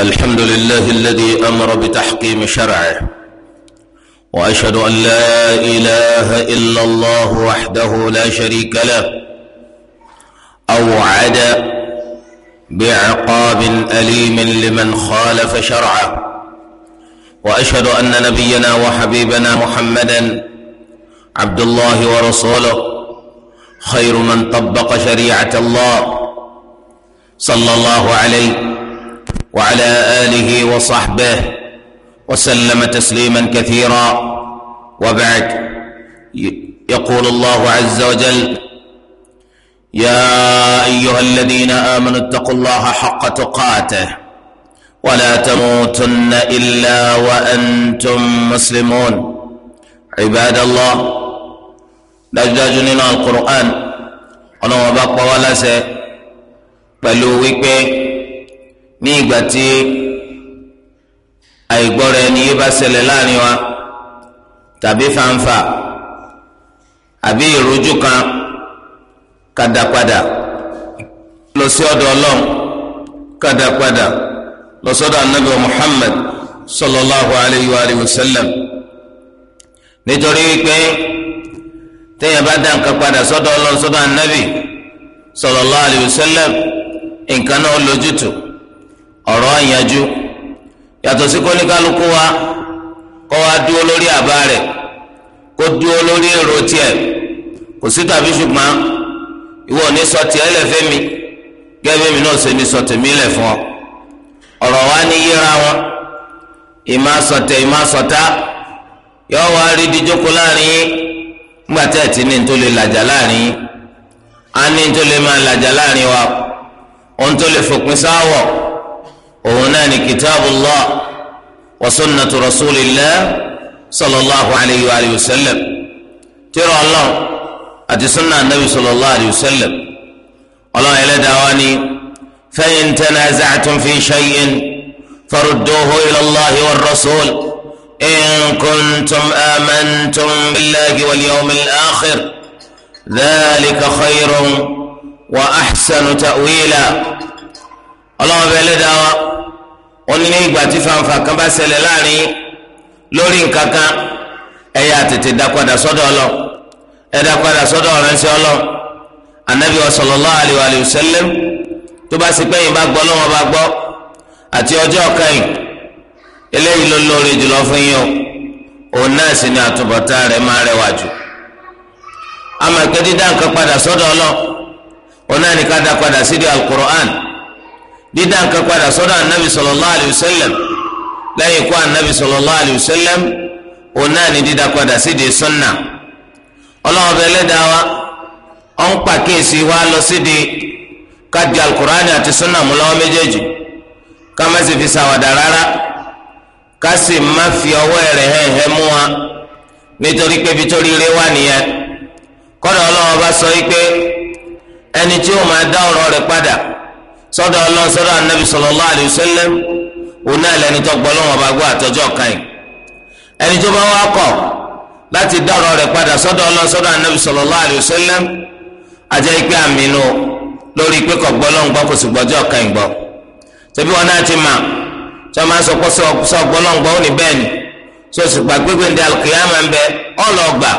الحمد لله الذي امر بتحكيم شرعه واشهد ان لا اله الا الله وحده لا شريك له اوعد بعقاب اليم لمن خالف شرعه واشهد ان نبينا وحبيبنا محمدا عبد الله ورسوله خير من طبق شريعه الله صلى الله عليه وعلى آله وصحبه وسلم تسليما كثيرا وبعد يقول الله عز وجل يا أيها الذين آمنوا اتقوا الله حق تقاته ولا تموتن إلا وأنتم مسلمون عباد الله dájúdájú القران alukur'an ọlọ́wọ́n bá pa wá láṣẹ ní ìgbà tí àìgbọ́ra ẹni yé bá ṣẹlẹ̀ láàrin wa tàbí fanfa àbí ìrújú kan kàdàpadà lọ sí ọ̀dọ̀ Ọlọ́run kàdàpadà lọ sọ́dọ̀ anabi Muhammad sallallahu alayhi wa alihi wa sallam nítorí pé téèyàn bá dá nǹkan padà sọ́dọ̀ Ọlọ́run sọ́dọ̀ anabi sallallahu alayhi wa sallam nǹkan náà lójútùú ọ̀rọ̀ àyànjú yàtọ̀ sí kó wa kó wa dúró lórí àbá rẹ̀ kó dúró lórí èrò tiẹ̀ kò sí tàbí ṣùgbọ́n ìwọ ní sọ tiẹ̀ lẹ́fẹ́ mi gẹ́gẹ́ mi náà ṣe ní sọ tèmi lẹ̀ fún ọ ọ̀rọ̀ wa ní yíra wọn ìmá sọtẹ ìmá sọta yọ wá rí díjókò láàrin yín nígbà tí ẹ ti ní nítorí làjà láàrin yín a ní nítorí máa làjà láàrin wa ohun tó lè fòpin sáwọ̀. وهناني كتاب الله وسنة رسول الله صلى الله عليه وآله وسلم ترى الله أتي سنة النبي صلى الله عليه وسلم الله إلى دواني فإن تنازعتم في شيء فردوه إلى الله والرسول إن كنتم آمنتم بالله واليوم الآخر ذلك خير وأحسن تأويلا الله بلدها wọn ní ìgbà tí fanfa kan bá ṣẹlẹ̀ láàrin lórí nǹkan kan ẹ yà tètè dápadà sọ́dọ̀ ọlọ ẹ dápadà sọ́dọ̀ ọ̀rẹ́nsẹ́ ọlọ anabi wa sallallahu alayhi wa sallam tó bá sì pẹ́yìn bá gbọ́ lọ́wọ́ bá gbọ́ àti ọjọ́ kẹyìn eléyìí ló lóore jùlọ fún yín o òun náà sì ni àtúbọ̀tá rẹ̀ máa rẹwà jù àmọ́ ìpè dídá nǹkan padà sọ́dọ̀ ọlọ òun náà ní ká dá padà sídìí al-Qur'an dídá nǹkan padà sọ́dọ̀ anabi sallallahu alayhi wa sallam lẹ́yìn ikú anabi sallallahu alayhi wa sallam òun náà ni dídá padà sídìí sunna ọlọ́run bẹ lẹ́dàá wa ọ ń pàkíyèsí wa lọ sídìí kájí alukur'ani àti sunna mú lọ́wọ́ méjèèjì ká má sì fi ṣàwàdà rárá ká sì má fi ọwọ́ rẹ̀ hẹ́hẹ́ mú wa nítorí pé bí torí wà nìyẹn kọ́dọ̀ ọlọ́run bá sọ yí pé ẹni tí ó máa dá ọ̀rọ̀ rẹ̀ padà sọ́dọ̀ Allah sọ́dọ̀ anabi sallallahu alayhi wa sallam òun náà lẹni tó gbọ́ lọ́wọ́ bá gbọ́ àtọ́jọ́ kan yìí ẹni tó bá wá kọ̀ láti dá ọ̀rọ̀ rẹ̀ padà sọ́dọ̀ Allah sọ́dọ̀ anabi sallallahu alayhi wa sallam àjẹ́ ìpè àmínú lórí ìpè kọ̀ gbọ́ lọ́wọ́ gbọ́ kò sì gbọ́jọ́ kan yìí gbọ́ tẹ́bí wọn náà ti mà tó máa sọ pé sọ gbọ́ lọ́wọ́ gbọ́ ó ní bẹ́ẹ̀ ni sì gbà gbégbé ndé alùkìyàmà ń bẹ ọlọ́ọ̀gbà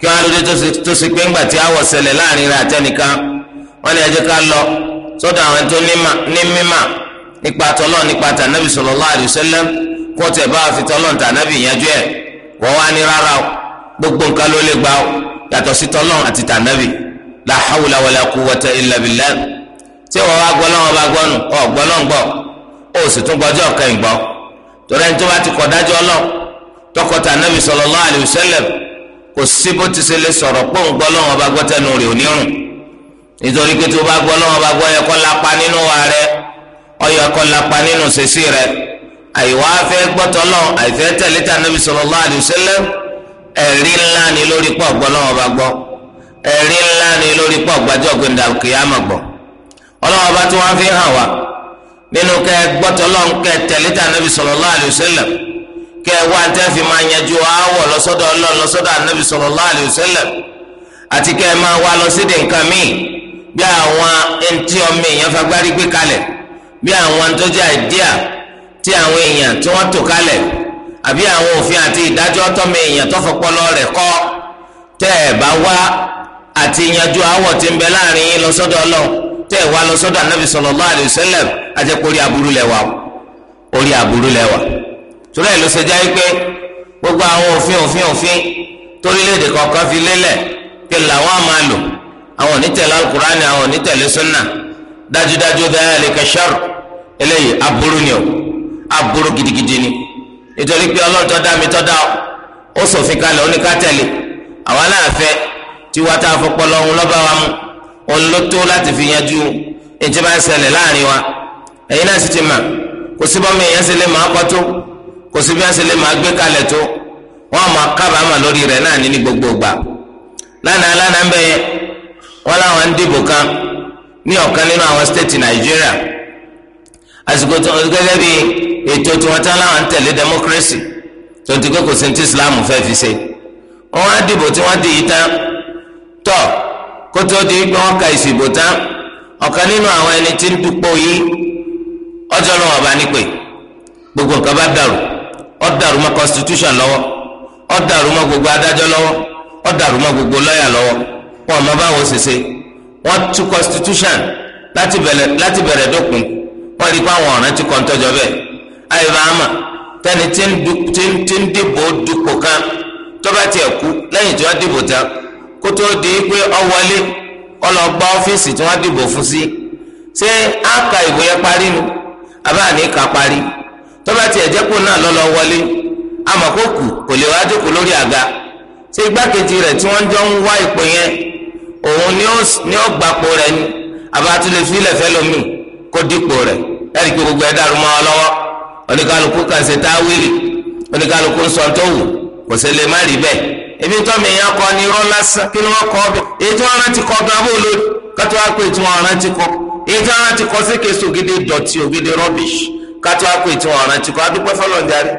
kí wọ́n á tó sì pé ńgbà tí àwọ̀ ṣẹlẹ̀ láàrin rẹ̀ àtẹnìkan wọ́n ní ẹjẹ́ ká lọ sọ́dọ̀ àwọn tó ní mímà nípa tọlọ nípa tànàbì sallallahu alaihi wasallam kó tẹ bá fi tọlọ tànàbì yanjú ẹ wọn wá ní rárá o gbogbo nǹkan ló lè gbà o yàtọ̀ sí tọlọ àti tànàbì la hawla wala quwwata illa billah tí wọn wá gbọ́ lọ́wọ́ bá gbọ́ nù ọ gbọ́ lọ́n gbọ́ ó sì tún gbọ́jọ́ kan gbọ́ torí ẹni tó bá ti kọ̀ dájọ́ lọ tọkọtà nàbì sallallahu alaihi wasallam kò sí ti ṣe lè sọ̀rọ̀ pọ̀ ń gbọ́ lọ́wọ́ bá gbọ́ tẹnu rẹ̀ nítorí pé tó bá gbọ́ lọ́wọ́ bá gbọ́ ọyọ̀kọ́ lápá nínú wa rẹ ọyọ̀kọ́ lápá nínú sẹ́sì rẹ àyíwá fẹ́ gbọ́tọ̀ lọ àyífẹ́ tẹ̀lé tà Nabi sallallahu alaihi wasallam ẹ̀rí ńlá ni lórí pọ̀ gbọ́ lọ́wọ́ bá gbọ́ ẹ̀rí ńlá ni lórí pọ̀ gbàjọ́ gbẹ̀ndà kìyàmọ̀ gbọ́ ọlọ́wọ́ bá tí wọ́n fi hàn wá nínú kẹ́ gbọ́tọ̀ lọ́n kẹ́ tẹ̀lé tà Nabi sallallahu alaihi wasallam kẹ́ wá tẹ́ máa wá lọ sídìí nǹkan míì bí àwọn ẹntì ọmọ èèyàn fagbárí gbé kalẹ̀ bí àwọn tó jẹ́ àìdíà tí àwọn èèyàn tí wọ́n tò kalẹ̀ àbí àwọn òfin àti ìdájọ́ tọ́mọ èèyàn tó fọpọlọ rẹ̀ kọ́ tẹ́ ẹ̀ bá wá àti ìyanjú àwọ̀ tí ń bẹ láàrin yín lọ sọ́dọ̀ Ọlọ́run tẹ́ ẹ̀ wá lọ sọ́dọ̀ Ànábì sallallahu alaihi wasallam àjẹpọ̀ orí aburú lẹ́wà orí aburú lẹ́wà torí ẹ̀ ló ṣe jẹ́ pé gbogbo àwọn òfin òfin òfin torílẹ̀-èdè kọ̀ọ̀kan fi lélẹ̀ kí làwọn máa lò àwọn onítẹ̀lé alukurani àwọn onítẹ̀lé sunna dájúdájú dhalika shar eléyìí aburú ni o aburú gidigidi ni nítorí pé ọlọ́run tó dá mi tó dá ọ ó ṣòfin kalẹ̀ ó ní ká tẹ̀lé àwa náà fẹ́ tiwa tá a fọpọ́ lọ́hún lọ́ba wa mú òun ló tó láti fi yanjú ètí bá ń ṣẹlẹ̀ láàrin wa ẹ̀yin náà sì ti mà kò sí bọ́mọ èèyàn sì lè máa kọ́ tó kò sí bí sì lè máa gbé kalẹ̀ tó wọ́n máa kábàámà lórí rẹ̀ náà ní gbogbo gbà lánàá lánàá ń bẹ yẹn. wọn láwọn ń dìbò kan ní ọ̀kan nínú àwọn stéètì nàìjíríà àsìkò tó gẹ́gẹ́ bí ètò tiwọn tán láwọn ń tẹ̀lé democracy tó ti kókò sí ti islam fẹ́ fi ṣe wọn á dìbò tí wọ́n di yìí tán tọ́ kó tó di pé wọ́n ka ìsìbò tán ọ̀kan nínú àwọn ẹni tí ń yìí gbogbo nǹkan bá dàrú dàrú mọ́ constitution lọ́wọ́ dàrú gbogbo adájọ́ lọ́wọ́ ọ dàrú mọ́ gbogbo lọ́yà lọ́wọ́ wọn mọ báwo ṣèṣe wọn tú constitution láti bẹ̀rẹ̀ dópin wọn rí i pé àwọn ọ̀ràn ti kọ́ ń tọ́jọ́ bẹ́ẹ̀ àyèbá àmà tẹni tí ń dìbò dupò kan tó bá tiẹ̀ kú lẹ́yìn tí wọ́n dìbò tán kó tó di pé ó wọlé ó lọ gba ọ́fíìsì tí wọ́n dìbò fún sí ṣé á ka ìwé yẹn parí nu àbá ní ká parí tó tiẹ̀ jẹ́ kó náà lọ́lọ́ wọlé àmọ́ kó kù kò lè wá jókòó lórí àga ṣé igbákejì rẹ̀ tí wọ́n jọ ń wá ipò yẹn òun ni ó gbapò rẹ̀ ni abatulè filẹ̀ fẹlẹ́mi kó dípò rẹ̀ ẹ̀rí pé gbogbo ẹ̀dá rúmọ́ ọ lọ́wọ́ oníkàlùkù kan ṣe táwìrì oníkàlùkù ń sọ tó wù kò sì lè má rí bẹ́ẹ̀ ebi tó mi yàn kọ́ ni irọ́ lásán kí ni wọ́n kọ́ bẹ́ẹ̀ èyí tí wọ́n rántí kọ́ gan abó lórí kátó wá pé tí wọ́n rántí kọ́ èyí tí wọ́n rántí kọ́ sí kèsì ògidì dọ̀tí ògidì rọ́bìṣì kátó wá pé tí wọ́n rántí kọ́ adúpẹ́ fọlọ́ọ̀dì àrí.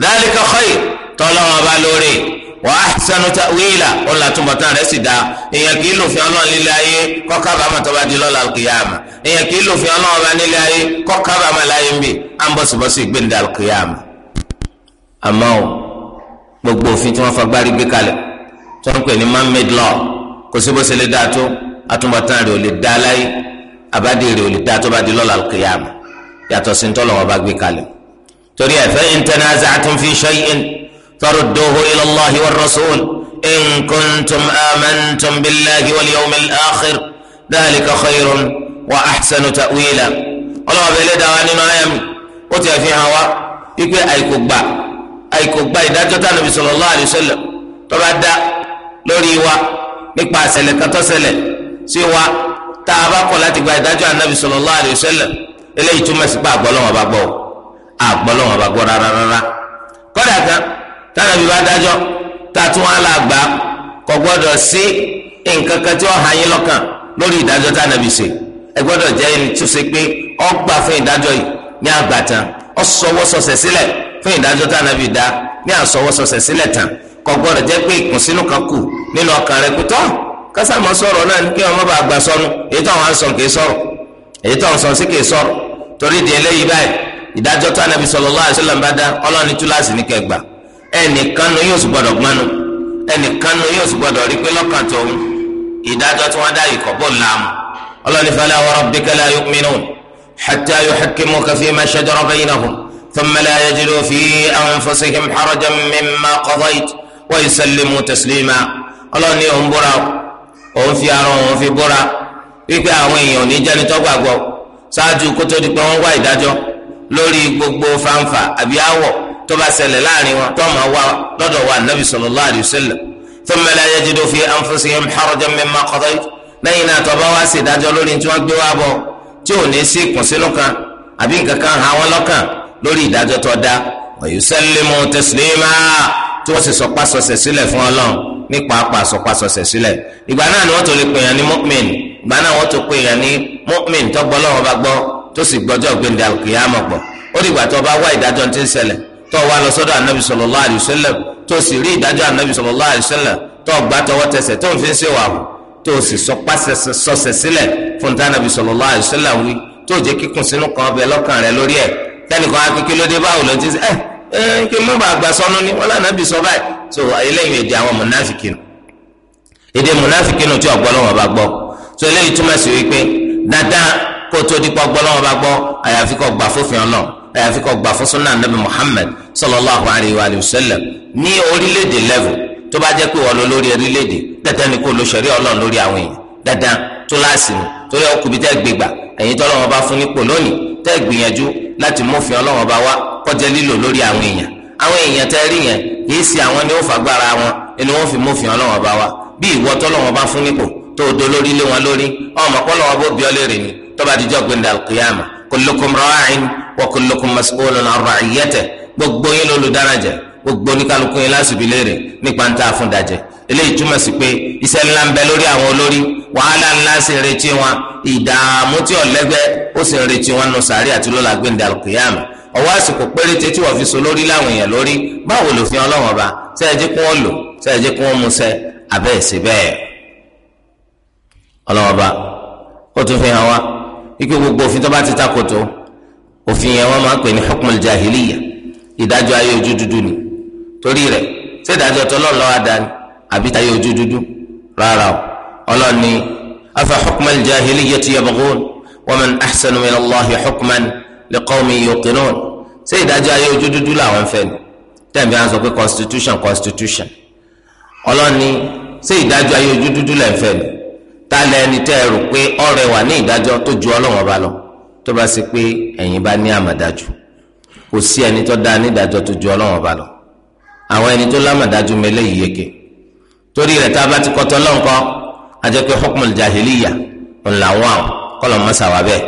dhalika khair tọ́lọ́wọ́n bá lórí wa ahsanu ta'wila ọ̀là àtúbọ̀tán rẹ̀ sì dá èèyàn kì í lò fún ọlọ́run nílé ayé kó kábàámà tó bá di lọ́la kìyàmà èèyàn kì í lò fún ọlọ́run ọba nílé ayé kó kábàámà láyé ń bì á ń bọ̀sibọ̀sì gbẹ̀ndà kìyàmà. àmọ́ o gbogbo òfin tí wọ́n fagbárí gbé kalẹ̀ tí ń pè ní man law kò sí bó ṣe lè dáa tó àtúbọ̀tán rẹ̀ ò lè dá láyé àbádé rẹ̀ ò lè dá tó di lọ́la kìyàmà تردوه إلى الله والرسول إن كنتم آمنتم بالله واليوم الآخر ذلك خير وأحسن تأويلا ọlọ́wọ́ bẹ̀rẹ̀ dáwà nínú ayé mi ó ti àfihàn wa wípé àìkò gbà àìkò gbà ìdájọ́ tá nàbì sallallahu alaihi wasallam tó bá dá lórí wa nípa àṣẹlẹ̀ kan tó ṣẹlẹ̀ sí wa tá a bá kọ̀ láti gba ìdájọ́ ànábì sallallahu alaihi wasallam eléyìí túmọ̀ sí pé àgbọ̀lọ́wọ́ bá gbọ́ àgbọ̀lọ́wọ́ bá gbọ́ rárá rárá kọ́dà kan. tánà bí bá dájọ́ tàtún àlà gbà kò gbọ́dọ̀ sí nǹkan kan tí hàn yín lórí ṣe ẹ ẹni tó ṣe pé fún yìí ní fún dá ní tán pé ìkùnsínú kan kù nínú ọkàn rẹ pé tọ́ kásámọ̀ sọ̀rọ̀ náà kí wọn bá gbà èyí tó àwọn sọ kì í èyí tó àwọn sí kì í torí báyìí tó túláàsì ní ẹnìkan nu yóò sì gbọ́dọ̀ gbanu ẹnìkan nu yóò sì gbọ́dọ̀ rí pé lọ́kàn tó ń ìdájọ́ tí wọ́n dá yìí kọ bó làámu ọlọ́ni fala wa rabbika la yu'minun hatta yuhakkimuka fima shajara baynahum thumma la yajidu fi anfusihim harajan mimma qadayt wa yusallimu taslima ọlọ́ni òun búra òun fi ara òun fi búra wípé àwọn èèyàn ní jẹ́ni tó kótó di pé wá ìdájọ́ lórí gbogbo fanfa àbí àwọ̀ tó bá ṣẹlẹ̀ láàrin wọn tó máa wá lọ́dọ̀ wa anabi sallallahu alayhi wa sallam thumma la yajidu fi anfusihim harajan mimma qadayt lẹ́yìn náà tó bá wá sí ìdájọ́ lórí tí wọ́n gbé wá bọ̀ tí ò ní sí ìkùnsínú kan àbí nǹkan kan há wọn lọ́kàn lórí ìdájọ́ tó dá wa yusallimu taslima tí wọ́n sì sọpasọsẹ̀ sílẹ̀ fún ọlọ́run nípa apá sọpasọsẹ̀ sílẹ̀ ìgbà náà ni wọ́n tó lè pè yàn ní mu'min ìgbà náà wọ́n tó pè yàn ní mu'min tó bá gbọ́ tó sì gbọ́jọ́ gbẹ̀ndẹ̀ àkìyàmọ̀ gbọ́ ó dìgbà tó bá wá ìdájọ́ tí ń ṣẹlẹ̀ tó wá lọ sọ́dọ̀ anabi sallallahu alayhi wa sallam tó sì rí ìdájọ́ anabi sallallahu alayhi wa sallam tó gbà tọwọ́ tẹsẹ̀ tó ń fi ń ṣe wà wò tó sì sọpá sọsẹ̀ sílẹ̀ fún tánàbí sallallahu alayhi wa sallam wí tó jẹ́ kíkùn sínú kan ọbẹ̀ lọ́kàn rẹ̀ lórí ẹ̀ tẹnìkan akéké lóde báwo ló ti sẹ ẹ ẹ kí n má bàa gbà sọnù ni wọn lànà sọ báyìí so eléyìí èdè àwọn mùnáfìkì àyàfi kó gbà fún sunna anabi muhammed sallallahu alayhi wa sallam ní orílẹ̀-èdè level tó bá jẹ́ pé wọ́n lọ lórí orílẹ̀-èdè dandan ni kó lo sẹ̀rí ọlọ́run lórí àwọn èèyàn dandan tó láàsì ni torí ọkùnrin tẹ́ gbégbà ẹ̀yin tó ọlọ́run bá fún nípò lónìí tẹ́ gbìyànjú láti mọ́fin ọlọ́run bá wá kọjá lílò lórí àwọn èèyàn àwọn èèyàn tẹ́ rí yẹn yìí sì àwọn ni ó fagbára wọn ni wọ́n fi mọ́fin ọlọ́run bá wá bí ìwọ tó ọlọ́run bá fún nípò tó o dolórí lé wọn lórí ọmọ kọ́ lọ́wọ́ bó bí ọ lè tọ́ba àdìjọ́ gbẹ̀ndà kìyàmà kullukum ra'in wa kullukum mas'ulun an ra'iyyatihi gbogbo yín lólùdárajà gbogbo oníkálukú yín lásìbí léèrè nípa ń tà fún dajẹ eléyìí túmọ̀ sí pé iṣẹ́ ńlá ń bẹ lórí àwọn olórí wàhálà ńlá sì ń retí wọn ìdààmú tí ọ̀lẹ́gbẹ́ ó sì ń retí wọn nù sàárì àti lọ́la gbẹ̀ndà kìyàmù ọwọ́ àsìkò péréte tí wọ́n fi so lórí láwọn èèyàn lórí báwo lòfin ọlọ́wọ́n ba sẹ́ẹ̀jẹ́ kí wọ́n lò sẹ́ẹ̀jẹ́ kí wọ́n mú sẹ́ abẹ́ ẹ̀sẹ̀ bẹ́ẹ̀. ọlọ́wọ́n ba ó tún fi hàn wá ikú gbogbo òfin tó bá ti takòtò òfin yẹn wọ́n máa ń pè ní hukmul jahiliya ìdájọ́ ayé ojú dúdú ni torí rẹ̀ ṣé ìdájọ́ tọlọ́run lọ́wọ́ dání àbí táyé ojú dúdú rárá o ọlọ́run ni afa hukmal jahiliyati yabghun wa man ahsanu min Allahi hukman liqawmin yuqinun ṣé ìdájọ́ ayé ojú dúdú làwọn fẹ́ ni tẹ̀mí à ń sọ pé constitution constitution ọlọ́run ni ṣé ìdájọ́ ayé ojú dúdú lẹ́ńfẹ́ ni tá lẹ́ni tẹ́ ẹ rò pé ọ̀rẹ́ tó bá ṣe pé ẹ̀yin bá ní àmàdájú kò sí ẹni tó dá nídàájọ́ tó ju ọlọ́run ọba lọ àwọn ẹni tó lámàdájú mẹlẹ́ yìí yeke torí rẹ̀ tá a bá ti kọ́tọ́ lọ́nkọ́ ajẹ́ pé hukmul jahiliya ńláwọ́n kọ́lọ̀ mọ́sàwá bẹ́ẹ̀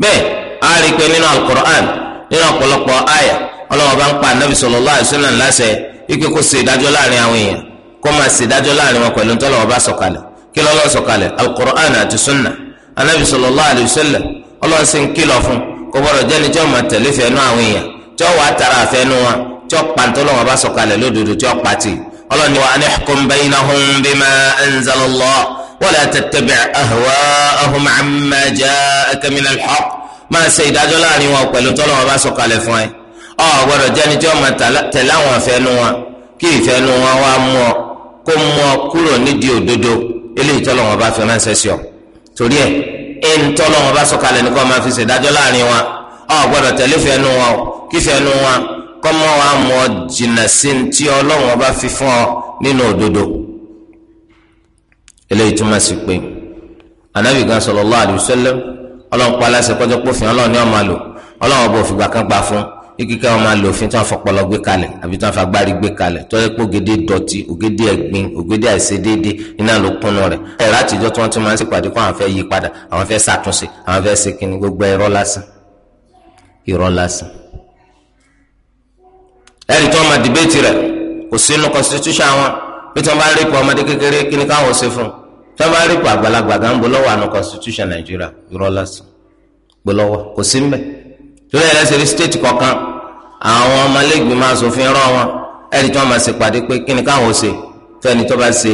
bẹ́ẹ̀ a rí i pé nínú alukur'an nínú ọ̀pọ̀lọpọ̀ àyà ọlọ́wọ́ bá ń pa anabi sallallahu alaihi wasallam láṣẹ ike kó ṣe ìdájọ́ láàrin àwọn èèyàn kó máa ṣe ìdájọ́ láàrin wọn pẹ̀lú ntọ́lọ́wọ́ bá sọ̀kalẹ̀ kí lọ́lọ́ sọ̀kalẹ̀ alukur'an àti sunna anabi sallallahu alaihi wasallam ọlọ́run sì ń kìlọ̀ fún kò gbọ́dọ̀ jẹ́ni tí wọ́n máa tẹ̀lé fẹ́nu àwọn èèyàn tí wọ́n wàá tara àfẹ́nu wọn tí wọ́n pàǹtó lọ́wọ́ bá sọ̀kalẹ̀ lódodo tí wọ́n pàtì ọlọ́run ni wa anihkum baynahum bima anzalallah wala tattabi' ahwa'ahum amma ja'aka minal haqq máa ṣe ìdájọ́ láàrin wọn pẹ̀lú tọ́lọ́wọ́ bá sọ̀kalẹ̀ fún ẹ ọ gbọ́dọ̀ jẹ́ni tí wọ́n máa tẹ̀lé àwọn àfẹ́nu wọn kí ìfẹ́nu wọn wá mú ọ kó mú ọ kúrò nídìí òdodo eléyìí tọ́lọ́wọ́ bá fẹ́ máa ń ṣẹ́ṣẹ́ ọ torí ẹ̀ ẹ̀ńtọ́lọ́ wọn bá sọ̀kalẹ̀ ní kó máa fi ṣèdájọ́ láàrin wọn ọ gbọ́dọ̀ tẹ̀lé fẹ́nu wọn o kí fẹ́nu wọn kọ́ mọ́ wa mọ̀ jìnnà sí ti ọlọ́run ọba fi fún ọ nínú òdodo eléyìí túmọ̀ sí pé anabi gan sallallahu alaihi wasallam ọlọ́run pa aláṣẹ kọjọ́ pófin ọlọ́run ní ọmọ àlò ọlọ́run ọba òfìgbà kan gbà fún ikike wọn máa lo òfin tí wọ́n fọpọlọ gbé kalẹ̀ àbí tí wọ́n fagbárí gbé kalẹ̀ tó pé ògèdè dọ̀tí ògèdè ẹ̀gbin ògèdè àìṣedéédé iná ló kúnnú rẹ̀ ẹ̀rọ àtijọ́ tí wọ́n ti máa ń kó àwọn fẹ́ yí padà àwọn fẹ́ àwọn fẹ́ gbogbo irọ́ lásán lásán. tí máa dìbẹ́tì kò constitution bí tí bá rí ọmọdé kékeré káwọn torí ẹ̀ lẹ́sẹ̀ rí stéètì àwọn ọmọlẹ́gbẹ̀ẹ́ máa ṣòfin rán wọn ẹ̀rí tí máa ṣe pàdé pé kí ni káwọn ṣe fẹ́ni tó bá ṣe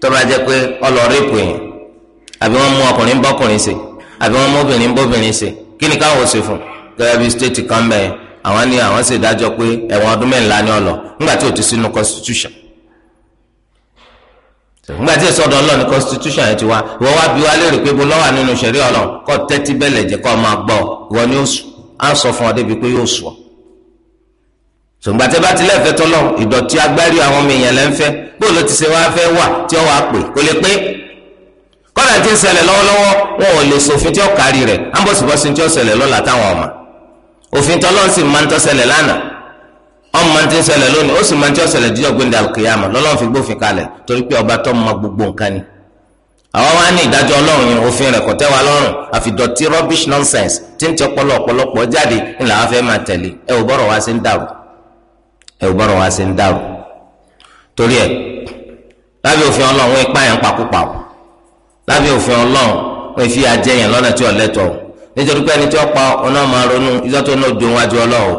tó bá jẹ́ pé ọlọ́ọ̀rẹ́pù yẹn àbí wọ́n mú ọkùnrin bọkùnrin ṣe àbí mú fún bí kan àwọn ni àwọn ṣe pé ọdún ọlọ nígbà tí ti sínú constitution nígbà tí èso constitution yẹn ti wá ìwọ wá bí wá á sọ fún ọ débi pé yóò sùn ọ sògbàtẹ́ bá tilẹ̀ fẹ́ tọ́lọ̀ ìdọ̀tí agbárí àwọn ọmọ èèyàn lẹ́ ń fẹ́ bóò ló ti ṣe wá fẹ́ wà tí ó wà pè kò lè pé kọ́dà tí ń ṣẹlẹ̀ lọ́wọ́lọ́wọ́ wọn ò lè ṣòfin tí ó kárí rẹ̀ ámbọ̀sibọ́sí tí ó ṣẹlẹ̀ lọ́la táwọn ọmọ òfin tọ́lọ́ sì máa ń tọ́ ṣẹlẹ̀ lánàá ọmọ tí ń ṣẹlẹ̀ lónìí ó sì máa ń tọ́ ṣẹlẹ̀ díjọ́ gbé àwọn wá ní ìdájọ́ ọlọ́run yìí òfin rẹ̀ kò tẹ́ wa lọ́rùn àfìdọ̀tí rubbish nonsense tí ń tẹ pọlọ ọ̀pọ̀lọpọ̀ jáde ńlá wa fẹ́ máa tẹ̀lé ẹ ò bọ́rọ̀ wá sí ń dàrú ẹ ò bọ́rọ̀ wá sí ń dàrú torí ẹ lábẹ́ òfin ọlọ́run wọn ipá yẹn ń pakúpa o lábẹ́ òfin ọlọ́run wọn fi àjẹ yẹn lọ́nà tí ọ̀lẹ́tọ̀ o nítorí pé ẹni tí ó pa ọ̀nà máa ronú ìjọ tó náà dùn wájú ọlọ́run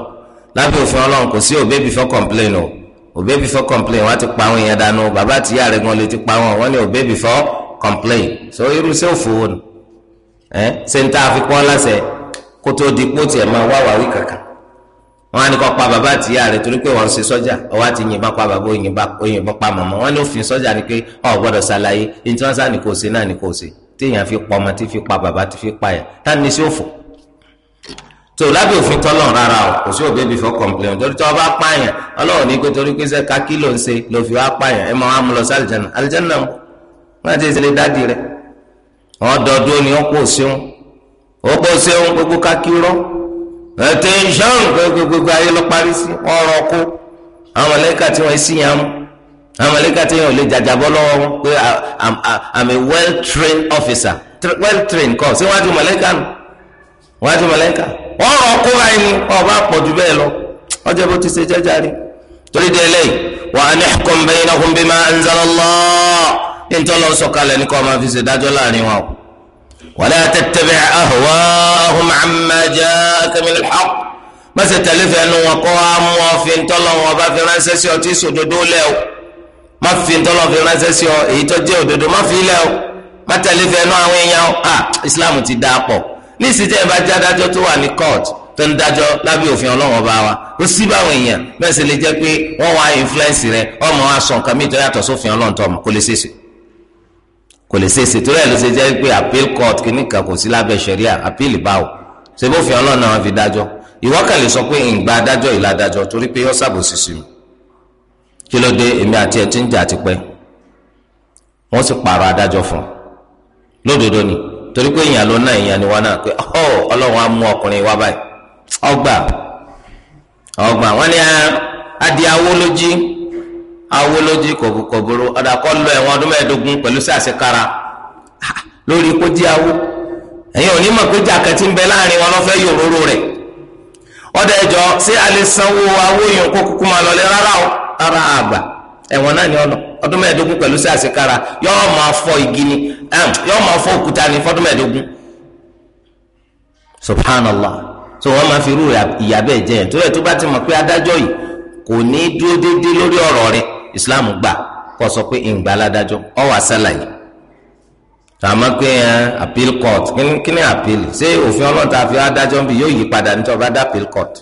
lábẹ́ òfin ọlọ́run kò sí òbẹ́ before complain o òbẹ́ before complain wọ́n ti pa àwọn èèyàn dànù bàbá àtìyá rẹ̀ ní complain so irú sí òfòwò ni ẹ ṣe ń tá a fi pọ́n lásẹ̀ kó tó di pọ́ tiẹ̀ máa wá wàwí kàkà wọn á ní kó pa bàbá àtìyá rẹ̀ torí pé wọn ń ṣe sọ́jà ọwọ́ àti yìnbọn pa bàbá òyìnbọn pa màmá wọn ní òfin sọ́jà ni pé ọ gbọ́dọ̀ ṣàlàyé ní tí wọ́n sá ní kò ṣe náà ní kò ṣe téèyàn fi pa ọmọ tí fi pa bàbá tí fi pa ẹ̀ tá ní sí òfò tó lábẹ́ òfin tọ́lọ̀ rárá o kò sí òbí before complain torí tí wọ́n bá pààyàn ọlọ́run ní pé torí pé sẹ́ka kí ló ń ṣe ló fi wá pààyàn ẹ máa wá mú lọ sí àlìjáná àlìjáná ń wọn àti ìṣẹ̀lẹ̀ dádì rẹ ọdọọdún ni ó pọ̀ síwọn ó pọ̀ síwọn gbogbo kakirọ ẹtẹ ìṣàn gbogbo ayé ló parí sí ọ̀rọ̀ kó àwọn mọlẹka tí wọn sì yàn mú àwọn mọlẹka tí wọn ò lè jàjàbọ́ wọn pé ah, ah, i'm a well trained officer well trained kọ síwájú mọlẹka nù wájú mọlẹka kó ni jù lọ bó anzala ntọ́lọ́ sọ̀kalẹ̀ ní kọ́ ọ máa fi ṣèdájọ́ láàrin wọn. wala tattabi' ahwa'ahum amma ja'aka min al-haqq má ṣe tẹ̀lé fẹ́nu wọn kọ́ á mú ọ fi ntọ́lọ́ wọn bá fi ránṣẹ́ sí ọ tí sòdodo lẹ̀ o má fi ntọ́lọ́ fi ránṣẹ́ sí ọ èyí tó jẹ́ òdodo má fi lẹ̀ o má tẹ̀lé fẹ́nu àwọn èèyàn a ah, Islam ti dáa pọ̀ ní ìsìtẹ́ ẹ bá já dájọ́ tó wà ní court tó ń dájọ́ lábẹ́ òfin Ọlọ́run ọba wa ó sì báwọn èèyàn bẹ́ẹ̀ sì lè jẹ́ pé wọ́n wá influence rẹ ọmọ wa sọ nǹkan mi tó yàtọ̀ sófin Ọlọ́run tó ọmọ kó lè ṣèṣe kò lè ṣe èsètò rẹ̀ ló ṣe jẹ́ pé appeal court kìíní kan kò sí lábẹ́ sẹ̀ríà appeal báwo ṣe bó fi ọlọ́run náà fi dájọ́ ìwọ kàn lè sọ pé ìgbà adájọ́ ìlà adájọ́ torí pé yọ sábò sísun mi kí ló dé èmi àti ẹ̀ tí ń jà tipẹ́ wọ́n sì pààrọ̀ adájọ́ fún lódodo ni torí pé èèyàn ló ná èèyàn ni wọn náà pé ọ oh, ọlọ́run á mú ọkùnrin wá báyìí ọgbà ọgbà wọn ni ah, adìyàwó ló jí awó lójú kọ̀bùkọ̀bùrú ọ̀dà kọ́ lọ ẹ̀wọ̀n ọdún mẹ́ẹ̀ẹ́dógún lórí kó jí awó òní mọ̀ pé jàkẹ́ ti ń bẹ láàrin wọn lọ́fẹ́ yòróró rẹ̀ ọ̀dà ẹ̀jọ́ ṣé a sanwó awó yòó kó kúkú máa lọlé rárá o rárá àgbà náà ni ọ̀nà ọdún mẹ́ẹ̀ẹ́dógún pẹ̀lú kara yọọ máa fọ igi ni yọọ máa fọ òkúta ni fọ́dún mẹ́ẹ̀ẹ́dógún subhanallah wọn máa fi irú islam gbà kó sọ pé ìgbà aládájọ́ ọ wà sálàyé tàmá pé eh, appeal court kí ni appeal ṣé òfin ọlọ́ta àfi adájọ́ bí yóò yí padà nítorí ọba dá appeal court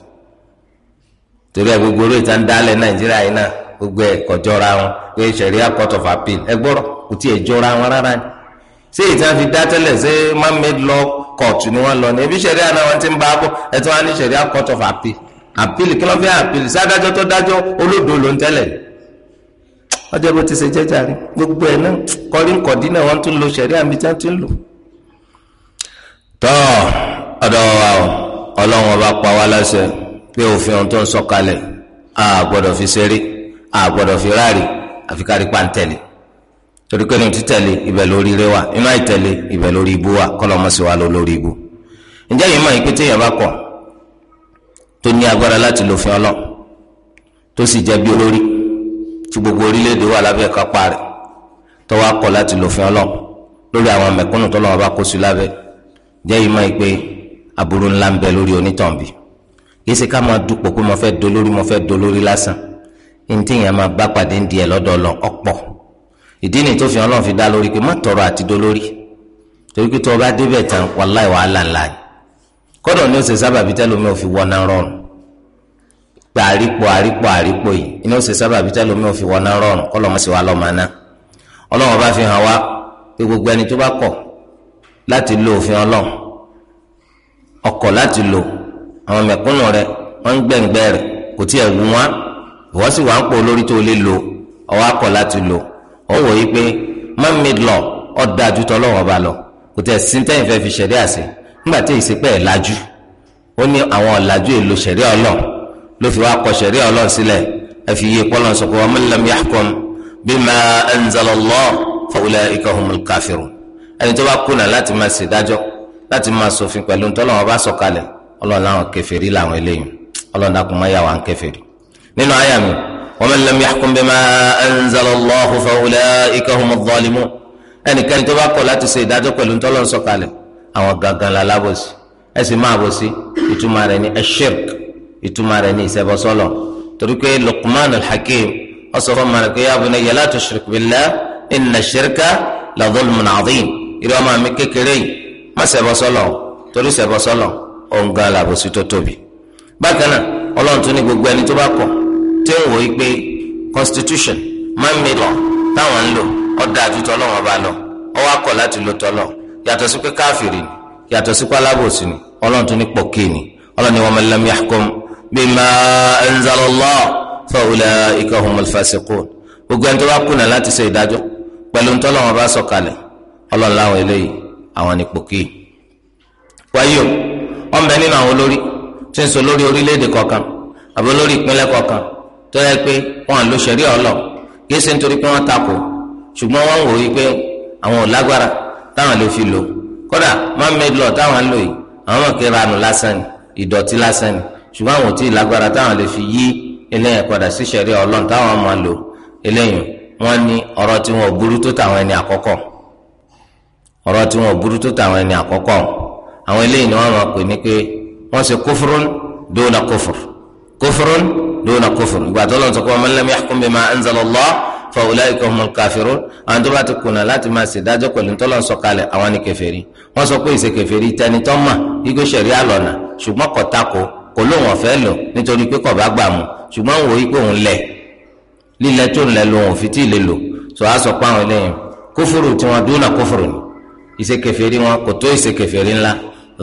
torí ẹ gbogbo orí ìta ń dálẹ̀ nàìjíríà yìí náà gbogbo ẹ kọjọra wọn pé ṣẹ̀ríà court of appeal ẹ gbọ́rọ̀ kò tí ẹ jọra wọn rárá ni ṣé ìta fi dá tẹ́lẹ̀ ṣé man-made law court ni wọ́n lọ ní ebi ṣẹ̀ríà náà wọ́n ti ń bá bọ̀ ẹ tí wọ́n á ní ṣẹ̀ríà court of appeal appeal kí ló fẹ́ appeal sí adájọ́ tó dájọ́ olódo ló ń tẹ́lẹ̀ ni ọjọ́ bó ti ṣe jẹ́jà rí gbogbo ẹ̀ náà kọrí nkọ̀dí náà wọ́n tún lo sẹ̀rí àmì tí wọ́n ti ń lò. tọ́ ọ̀dọ̀ wa o ọlọ́run ọba pa wá láṣẹ pé òfin ohun tó ń sọ̀kalẹ̀ a gbọ́dọ̀ fi ṣeré a gbọ́dọ̀ fi ráàrí àfi kárí pàǹtẹ̀lẹ̀ torí pé ní títẹ̀lé ibẹ̀ lórí ire wa inú àìtẹ̀lé ibẹ̀ lórí ibu wa kọ́ lọ́mọ sí wa lọ lórí ibu. ǹjẹ́ yìí mọ̀ ìpè téèyàn bá kọ̀ tó ní agbára láti lòfin ọlọ́ tó sì jẹ́ bí olórí tí gbogbo orílẹ̀-èdè wà lábẹ́ kápá rẹ̀ tọ́wọ́ akọ̀ láti lòfin ọlọ́run lórí àwọn mẹ̀kúnnù tọ́lọ́wọ́ bá kó sí lábẹ́ jẹ́ ìmọ̀ ìpè aburú ńlá ń bẹ lórí onítọ̀ǹbì kì í ṣe ká máa dupò pé mo fẹ́ dolórí mo fẹ́ dolórí lásán ní tí èèyàn máa bá pàdé ń di ẹ̀ lọ́dọ̀ ọlọ́run ọ̀pọ̀ ìdí ni tó fi ọlọ́run fi dá lórí pé má tọrọ àti dolórí torí pé tó o bá débẹ̀ tán wàláì wàhálà ńlá ni kọ́dọ̀ ni ó ṣe sábàbí tẹ́lómi ò fi wọ́n náà rọrùn pé àrípò àrípò àrípò yìí iná ó ṣe sábàbí tẹ́lómi ò fi wọná rọrùn kọ́ lọ́mọ sí wa lọ́mọ aná ọlọ́wọ́n bá fi hàn wá pé gbogbo ẹni tó bá kọ̀ láti lo òfin ọlọ́run ọkọ̀ láti lo àwọn mẹ̀kúnnù rẹ wọ́n ń gbẹ̀ngbẹ́ rẹ kò tí ẹ̀ wù wọ́n ìwọ́ sì wà ń pò lórí tó lè lo ọwọ́ akọ̀ láti lo ọ̀hún wòye pé man-made law ọ̀dà àjùtọ̀ ọlọ́wọ́n bá lọ kò tẹ̀ sí tẹ́yìn fẹ́ fi ṣẹ̀rí àṣẹ nígbà tí ìsepẹ́ ẹ̀ lajú ó ní àwọn ọ̀làjú èlò ṣẹ̀rí ọlọ́run ló fi wá kọ ṣẹ̀ríà ọlọ́run sílẹ̀ ẹ fi yé pọ́lọ́n sọ pé wa man lam yahkum bima anzala Allah fa ulaika humul kafirun ẹni tó bá kùnà láti máa ṣèdájọ́ láti máa ṣòfin pẹ̀lú ntọ́lọ́wọ́n bá sọ̀kalẹ̀ ọlọ́run láwọn kèfèrí làwọn eléyìí ọlọ́run dàkún má yà wá ń kèfèrí nínú àyà mi wa man lam yahkum bima anzala Allah fa ulaika humuz zalimun ẹnikẹ́ni ìtumọ̀ rẹ̀ ní ìṣẹbọ sọ́lọ̀ torí pé Luqman al-Hakim ó sọ fún mara pé ya bunayya la tushrik billah inna shirka la dhulmun adhim irú ọmọ mi kékeré yìí má ṣẹbọ sọ́lọ̀ torí ṣẹbọ sọ́lọ̀ òǹgà làbòsí tó tóbi. bákan náà ọlọ́run tún ní constitution máa ń mi lọ táwọn ń lò ó dáa ju tọ́lọ́wọ́n bá lọ ó wá kọ̀ láti lo tọ́lọ́ yàtọ̀ sí pé káfíìrì ni yàtọ̀ sí pé alábòsí ni ọlọ́run tún ní pọ̀ kéènì ọlọ́run ni wa man lam bima anzalallah fa ulaika humul fasiqun gbogbo ẹni tó bá kùnà láti ṣe ìdájọ́ pẹ̀lú ntọ́lọ́wọ́n bá sọ̀kalẹ̀ ọlọ́láwọ̀ eléyìí àwọn ni pòkì. wáyé o wọ́n bẹ nínú àwọn olórí tí ń sọ lórí orílẹ̀-èdè kọ̀ọ̀kan àbí lórí ìpínlẹ̀ kọ̀ọ̀kan tó yẹ pé wọ́n lo sẹ̀rí ọlọ́ kìí ṣe nítorí pé wọ́n takò ṣùgbọ́n wọ́n wò wípé àwọn ò lágbára táwọn lè fi lò kódà man made law lò yìí àwọn mọ̀ kí ranù lásán ìdọ̀tí lásán ni ṣùgbọ́n àwọn tí ìlágbára táwọn lè fi yí eléyìí padà sí ṣẹ̀rí ọlọ́run táwọn máa lò eléyìí wọ́n ní ọ̀rọ̀ tí wọn burú tó tàwọn ẹni àkọ́kọ́ ọ̀rọ̀ tí wọn burú tó tàwọn ẹni àkọ́kọ́ àwọn eléyìí ni wọ́n máa pè ní pé wọ́n ṣe kófurún dóòlà kófur kófurún dóòlà kófur ìgbà tó lọ́n sọ pé man lam yahkum bima anzalallah fa ulaika humul kafirun àwọn tó bá ti kùnà láti máa ṣèdájọ́ pẹ̀lú tó lọ́n sọ kalẹ̀ àwọn ni kèfèrí wọ́n sọ pé ìṣe kèfèrí tẹnitọ́ mà igbó ṣẹ̀rí àlọ́nà ṣùgbọ́n kọ̀tàkùn kò lóun ọ̀fẹ́ lò nítorí pé kọ̀ bá gbà mú ṣùgbọ́n òun wòye pé òun lẹ̀ lílẹ̀ tó ń lẹ̀ lòun ò fi tí ì lè lò sọ á sọ pé àwọn eléyìí kófòrò tí wọn dúnà kófòrò ni ìṣekèfèrí wọn kò tó ìṣekèfèrí ńlá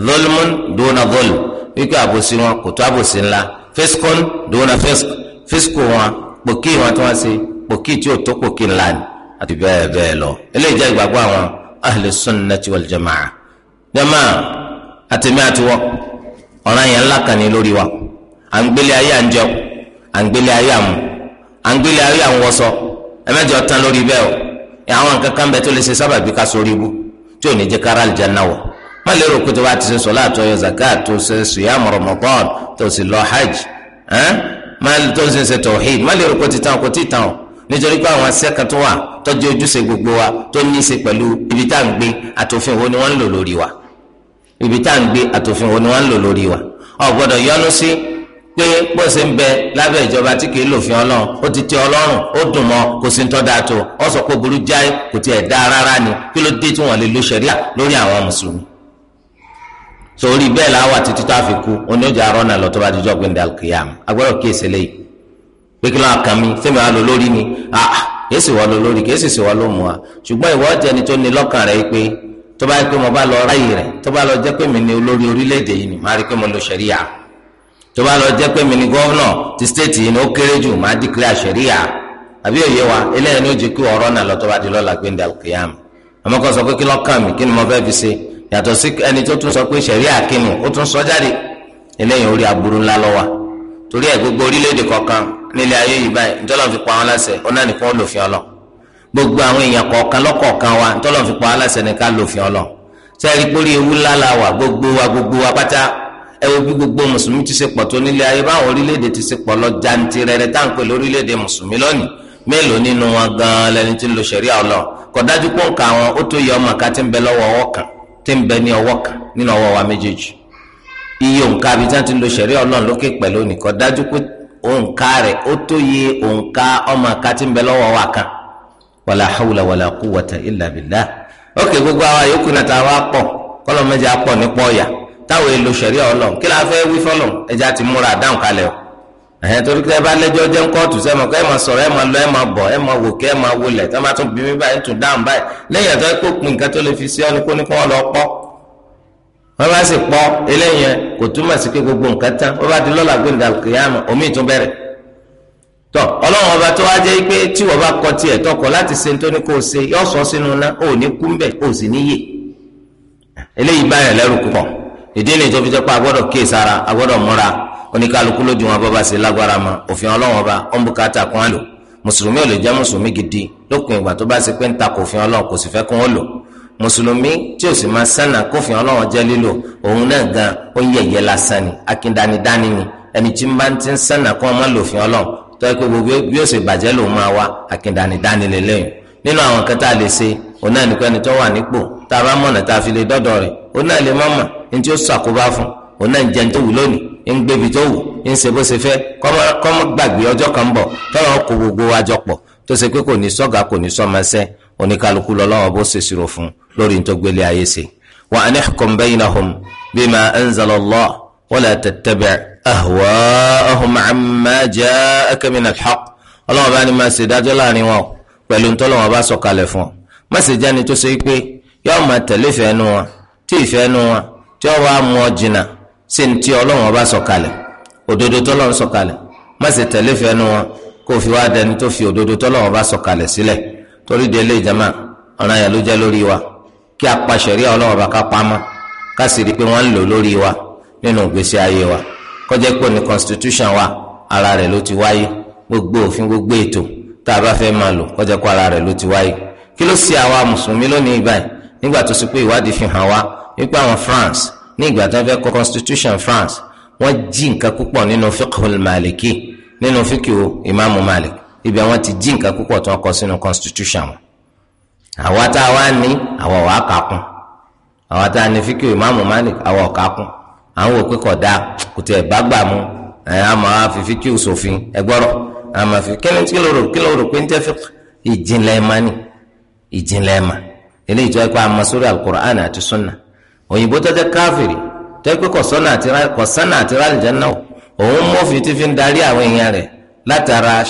zolmun dúnà zol wípé àbòsí wọn kò tó àbòsí ńlá fiskon dúnà fisk fisko wọn pòkì wọn tí wọn ṣe pòkì tí ò tó pòkì ńlá ni àti bẹ́ẹ̀ bẹ́ẹ̀ lọ eléyìí jẹ́ ìgbàgbọ́ àwọn ọ̀ràn yẹn ńlá kan ní lórí wa à ń gbélé ayé à ń jẹun à ń gbélé ayé à ń mu à ń gbélé ayé à ń wọṣọ ẹ̀mẹ́jọ tán lórí bẹ́ẹ̀ o àwọn nǹkan kan bẹ tó lè ṣe sábàbí ká sórí ibú tí ò ní jẹ́ kára àlìjáná wọ̀ má lérò pé tó bá ti ṣe sọ láàtọ̀ yọ zakat tó ṣe sùyàm Ramadan tó sì lọ hajj má tó ń ṣe ṣe má lérò pé títàn kò títàn o nítorí pé àwọn sẹ́kàn tó wà tọ́jú ojúṣe gbogbo wa tó ní í ṣe pẹ̀lú ibi tá à ń gbé àtòfin wo ni wọ́n ń lò lórí wa ibi tá à ń gbé àtòfin wo ni wọ́n ń lò lórí wa ọ gbọ́dọ̀ yọnu sí pé pọ̀sẹ̀ ń bẹ lábẹ́ ìjọba tí kìí lòfin ọlọ́run ó ti tẹ ọlọ́run ó dùn mọ́ kò sí ń tọ́ dáa tó ọ sọ pé burú jáì kò tiẹ̀ dá rárá ni kí ló dé tí wọ́n lè lo ṣẹ̀ríà lórí àwọn mùsùlùmí. sórí bẹ́ẹ̀ láwà títí tó àfi kú oníjà arọ́nà lọ bá dijọ́ pé kìyàm agbọ́dọ̀ kí èsè lẹ́yìn pé kí ló wà kàn mí sẹ́mi wà lọ lórí ni ah kèsì wà lọ lórí kèsì sì wà lọ mọ́ wa tó bá yẹ pé mo bá lọ ráyè rẹ̀ tó bá lọ jẹ́ pé mi ni olórí orílẹ̀-èdè yìí ni màá rí pé mo lo ṣẹ̀ríà tó bá lọ jẹ́ pé mi ni gọ́vnọ̀ ti stéètì yìí ni ó kéré jù màá dìklẹ́ àṣẹ̀ríà àbí òye wa eléyìí ni ó jẹ́ kí ọ̀rọ̀ náà lọ tó bá di lọ́la gbẹ̀ndẹ̀ alkiyam àmọ́ kan sọ pé kí lọ́ kàn mí kí ni mo fẹ́ fi ṣe yàtọ̀ sí ẹni tó tún sọ pé ṣẹ̀ríà kínú ó tún sọ jáde eléyìí orí aburú ńlá lọ́wọ́ torí ẹ̀ gbogbo orílẹ̀-èdè kọ̀ọ̀kan nílẹ̀ ayé yìí báyìí ìjọba fi pa wọn láṣẹ ó náà gbogbo àwọn èèyàn kọ̀ọ̀kan lọ́kọ̀ọ̀kan wa tọ́lọ̀ fi pa aláṣẹ ni ká lòfin ọlọ rí pórí ewu ńlá la wà gbogbo wa gbogbo wa pátá bí gbogbo mùsùlùmí ti ṣe pọ̀ tó nílé ayé báwọn orílẹ̀-èdè ti ṣe pọ̀ lọ jantirẹrẹ tá à ń pè lórílẹ̀-èdè mùsùlùmí lónìí mélòó nínú wọn gan-an lẹni tí ń lo kò dájú wàlà hawla wàlà quwwata illa billah ok gbogbo àwa yòókù náà tá a wá pọ̀ kọ́lọ̀ mẹ́jẹ apọ̀ nípa ọ̀yà táwọn èlò sẹ̀rí ọlọ́run kí la fẹ́ wí fọlọ́run ẹja ti múra àdáhùn kalẹ̀ o ẹ̀hẹ́n torí kí ẹ bá lẹ́jọ́ jẹ́ ń kóòtù sẹ́mọ̀ kẹ́ ẹ máa sọ̀rọ̀ ẹ máa lọ ẹ máa bọ̀ ẹ máa wò kẹ́ ẹ máa wọlẹ̀ tẹ́ máa tún bímí báyìí tún dáhùn báyìí lẹ́yìn ẹ̀tọ́ kó pin nǹkan tó lè fi tọ ọlọ́run ọba tó wá jẹ́ pé tí wọ́n bá kọ tiẹ̀ tọkọ láti ṣe ní tó ní kó o ṣe yọ sọ sínú ná ò ní kú mbẹ ò sì ní yè eléyìí báyọ̀ lẹ́rù púpọ̀ ìdí ni tó fi jẹ́ pé a gbọ́dọ̀ kíyè sára múra oníkálukú ló di wọn bọ́ bá ṣe lágbára ma òfin ọlọ́run ọba ó ń bùkátà kún á lò mùsùlùmí ò lè jẹ́ mùsùlùmí gidi lópin ìgbà tó bá ṣe pé ń ta kòfin ọlọ́run kò sì fẹ́ kún ó lò mùsùlùmí tí ò sì máa sánà kófin ọlọ́run jẹ́ lílò òun náà gan ó ń yẹ̀yẹ́ lásán ni akíndanidání ni ẹni tí ń bá ti ń sánà kó ọmọ lòfin ọlọ́run tọ́ pé gbogbo bí ó sì bàjẹ́ lòun máa wá àkìndánidání lélẹ́yìn nínú àwọn kan tá a lè ṣe òun náà nìkan ẹni tó wà nípò tá a bá mọ̀nà tá a fi lè dọ́dọ̀ rẹ̀ òun náà lè má ní tí ó ṣàkóbá fún òun náà ń jẹun tó wù lónìí ń gbébi tó wù ń ṣe bó ṣe fẹ́ kọ́mọ́ gbàgbé ọjọ́ kan bọ̀ tọ́lọ́ kó gbogbo wa jọ pọ̀ tó ṣe pé kò ní sọ́gà kò ní sọ́mọṣẹ́ oníkálukú lọ́lọ́wọ́ bó ṣe ṣòro fún lórí tó gbélé ayé ṣe. wa anihkum baynahum bima anzalallah wala tattabi' ahwaahum waa jaaka min alhaq ọlọ́wọ́n bá ní máa ṣe mụ láàrin wọn pẹ̀lú ntọ́lọ́wọ́n bá sọ̀kalẹ̀ fún ọ má ṣe jáni tó ṣe pé yóò máa tẹ̀lé ìfẹ́ nu wọn tí ìfẹ́ nu wọn tí ó wá mú ọ jìnnà sí ní tí ọlọ́wọ́n bá sọ̀kalẹ̀ òdodo tọ́lọ́wọ́n sọ̀kalẹ̀ má ṣe fi wá dẹni tó fi òdodo wa kí bá ká pamọ́ ká sì rí i pé wọ́n ń lò lórí wa nínú ìgbésí kọjá pé ní constitution wa ara rẹ̀ ló ti wáyé gbogbo òfin gbogbo ètò tá a bá fẹ́ máa lò kọjá pé ara rẹ̀ ló ti wáyé kí ló ṣe àwa mùsùlùmí lónìí báyìí nígbà tó sì pé ìwádìí fi hàn wá wípé àwọn France ní ìgbà tó fẹ́ kọ constitution France wọ́n jí nǹkan púpọ̀ nínú fiqhul maliki nínú fiqhu ìmáàmù Malik ibi àwọn ti jí nǹkan púpọ̀ tó ń kọ sínú constitution wọn àwa tá a wá ní àwa ò wá àwa tá a ní fiqhu ìmáàmù Malik àwa ò àwọn òpè kọ̀dá kò tẹ̀ bá gbà mú fi fi kí o sòfin a àmọ́ àfìfí kí ló rò kí ló rò pé ń tẹ́ fẹ́ ìjìnlẹ̀ ni ìjìnlẹ̀ eléyìí tó yẹ sórí alukur'an àti sunna òyìnbó tó jẹ́ káfìrì tó yẹ pé kọ̀sánà àti náà òun fi ń darí àwọn èèyàn rẹ̀ látara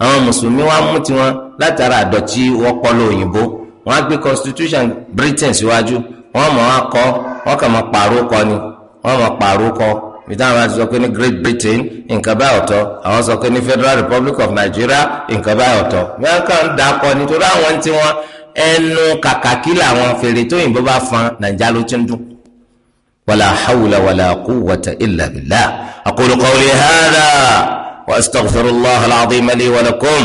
wa mú tiwọn látara àdọ̀tí wọ́pọ̀lọ òyìnbó á gbé constitution wọ́n mọ̀ wá kọ́ wọ́n kàn mọ̀ pààrọ̀ kọ́ ni wọ́n mọ̀ pààrọ̀ kọ́ bìtá àwọn àti sọ pé ní Great Britain nǹkan bá ọ̀tọ̀ àwọn sọ pé ní Federal Republic of Nigeria nǹkan bá ọ̀tọ̀ wọ́n kàn ń dà nítorí àwọn tí wọ́n ẹnu kàkàkí làwọn fèrè tó yìnbọn bá fan nàìjà ló ti ń dún. wàlà hawla wàlà quwwata illa billah aqulu qawli hadha wa astaghfirullaha al-azima li wa lakum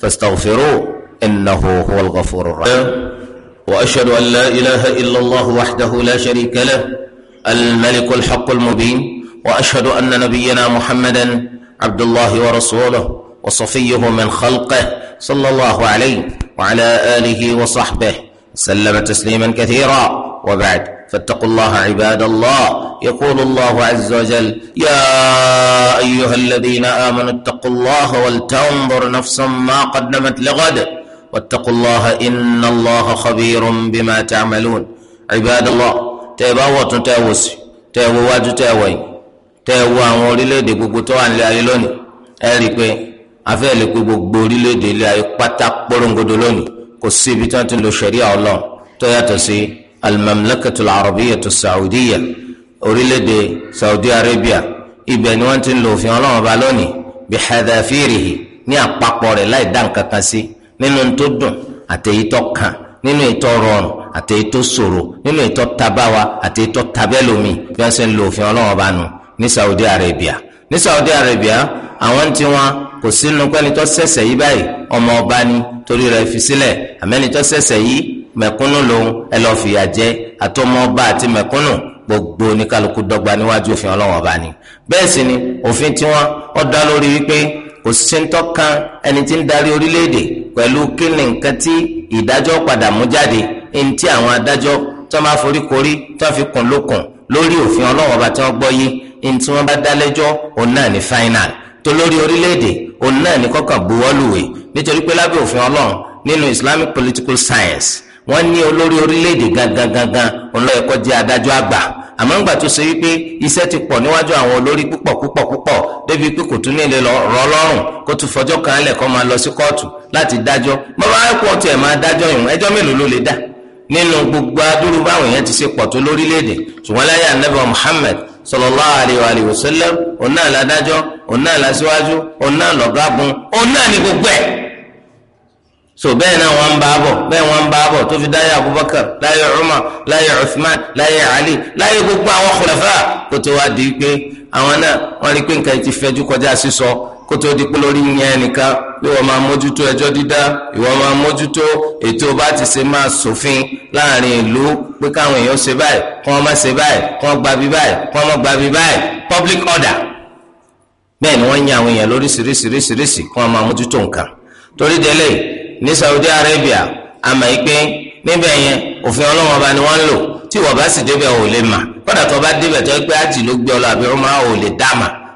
fastaghfiruhu innahu huwal ghafurur واشهد ان لا اله الا الله وحده لا شريك له الملك الحق المبين واشهد ان نبينا محمدا عبد الله ورسوله وصفيه من خلقه صلى الله عليه وعلى اله وصحبه سلم تسليما كثيرا وبعد فاتقوا الله عباد الله يقول الله عز وجل يا ايها الذين امنوا اتقوا الله ولتنظر نفسا ما قدمت لغد واتقوا الله إن الله خبير بما تعملون عباد الله تباوة تاوس تاوات تاوين تاوى àwọn orílẹ̀-èdè gbogbo tó wà nílé ayé lónìí ẹ rí i pé afẹ́ lè pe gbogbo orílẹ̀-èdè ilé ayé pátá pọ́rọ́ngodo lónìí kò sí ibi tí wọ́n ti lo ṣẹ̀ríà ọlọ́run tó yàtọ̀ sí al-Mamlakatu al-Arabiyyatu Saudiya orílẹ̀-èdè Saudi Arabia ibẹ̀ ni wọ́n ti lo òfin ọlọ́run ọba lónìí bihadafirihi ní àpapọ̀ rẹ̀ láì dá nǹkan kan sí i nínú tó dùn àtẹ̀yí tó kàn nínú ìtọ́ rọrùn àtẹ̀yí tó ṣòro nínú ìtọ́ tabawa àtẹ̀yí tó tabẹ́lómi bí wọ́n ṣe ń lo òfin ọlọ́wọ́n bá nu ní Saudi Arabia ní Saudi Arabia àwọn tí wọn kò sínú pẹ́ni tó ṣẹ̀ṣẹ̀ yí báyìí ọmọ ọba ni torí rẹ̀ fi sílẹ̀ àmẹ́ni tó ṣẹ̀ṣẹ̀ yí mẹ̀kúnnù lòun ẹ lọ́ọ́ fìyà jẹ àtọmọ ọba àti mẹ̀kúnnù gbogbo oníkálukú dọ́gba níwájú òfin ọlọ́wọ́n ọba ni bẹ́ẹ̀ sì ni òfin tiwọn ó dá lórí wípé kò sẹ́ńtọ́ kan ẹni tí ń darí orílẹ̀-èdè pẹ̀lú kí ni nǹkan tí ìdájọ́ padà mú jáde ẹni tí àwọn adájọ́ tó máa forí korí tó fi kùn lókun lórí òfin ọlọ́wọ́n bá tí wọ́n gbọ́ yé ẹni tí wọ́n bá dá lẹ́jọ́ òun náà ní final tó lórí orílẹ̀-èdè òun náà ní kọ́kàn buwọ́lùwé nítorí pé lábẹ́ òfin ọlọ́run nínú Islamic political science wọ́n ní olórí orílẹ̀-èdè gangan gangan òun ló yẹ kó àmọ́ ńgbà tó ṣe wípé iṣẹ́ ti pọ̀ níwájú àwọn olórí púpọ̀ púpọ̀ púpọ̀ débi pé kò tún ní ilé rọ lọ́rùn kó tún fọjọ́ kan lẹ̀ kó máa lọ sí kóòtù láti dájọ́ bàbá kóòtù ẹ̀ máa dájọ́ ìhùn ẹjọ́ mélòó ló lè dá nínú gbogbo adúrú báwọn èèyàn ti ṣe pọ̀ tó lórílẹ̀‐èdè ṣùgbọ́n láyé ànábì Muhammad sallallahu alayhi wa sallam òun náà ládájọ́ òun náà lásíwájú òun náà lọ́gágun òun náà ní gbogbo so bẹ́ẹ̀ náà wọ́n ń bá bọ̀ bẹ́ẹ̀ wọ́n ń bá bọ̀ tó fi dáyé Abubakar láyé Umar láyé Uthman láyé Ali láyé gbogbo àwọn khulafa kó tó wá di pé àwọn náà wọ́n rí pé nǹkan ti fẹ́jú kọjá sísọ kó tó di pé lórí yẹn nìkan bí wọ́n máa mójútó ẹjọ́ dídá ìwọ máa mójútó ètò bá ti ṣe máa ṣòfin láàrin ìlú pé káwọn èèyàn ṣe báyìí kí wọ́n má ṣe báyìí kí wọ́n gbabi báyìí kí wọ́n má gbabi báyìí public order bẹ́ẹ̀ ni wọ́n yan àwọn èèyàn lóríṣiríṣiríṣiríṣi kí wọ́n máa mójútó nǹkan torí délé ní Saudi Arabia àmọ́ ìpè níbẹ̀ yẹn òfin ọlọ́wọ́n bá ni wọ́n ń lò tí wọ́n bá sì débẹ̀ ò lè mà kọ́dà tó bá débẹ̀ tó gbé àjì ló gbé ọ lọ àbí ọmọ ò lè dá mà.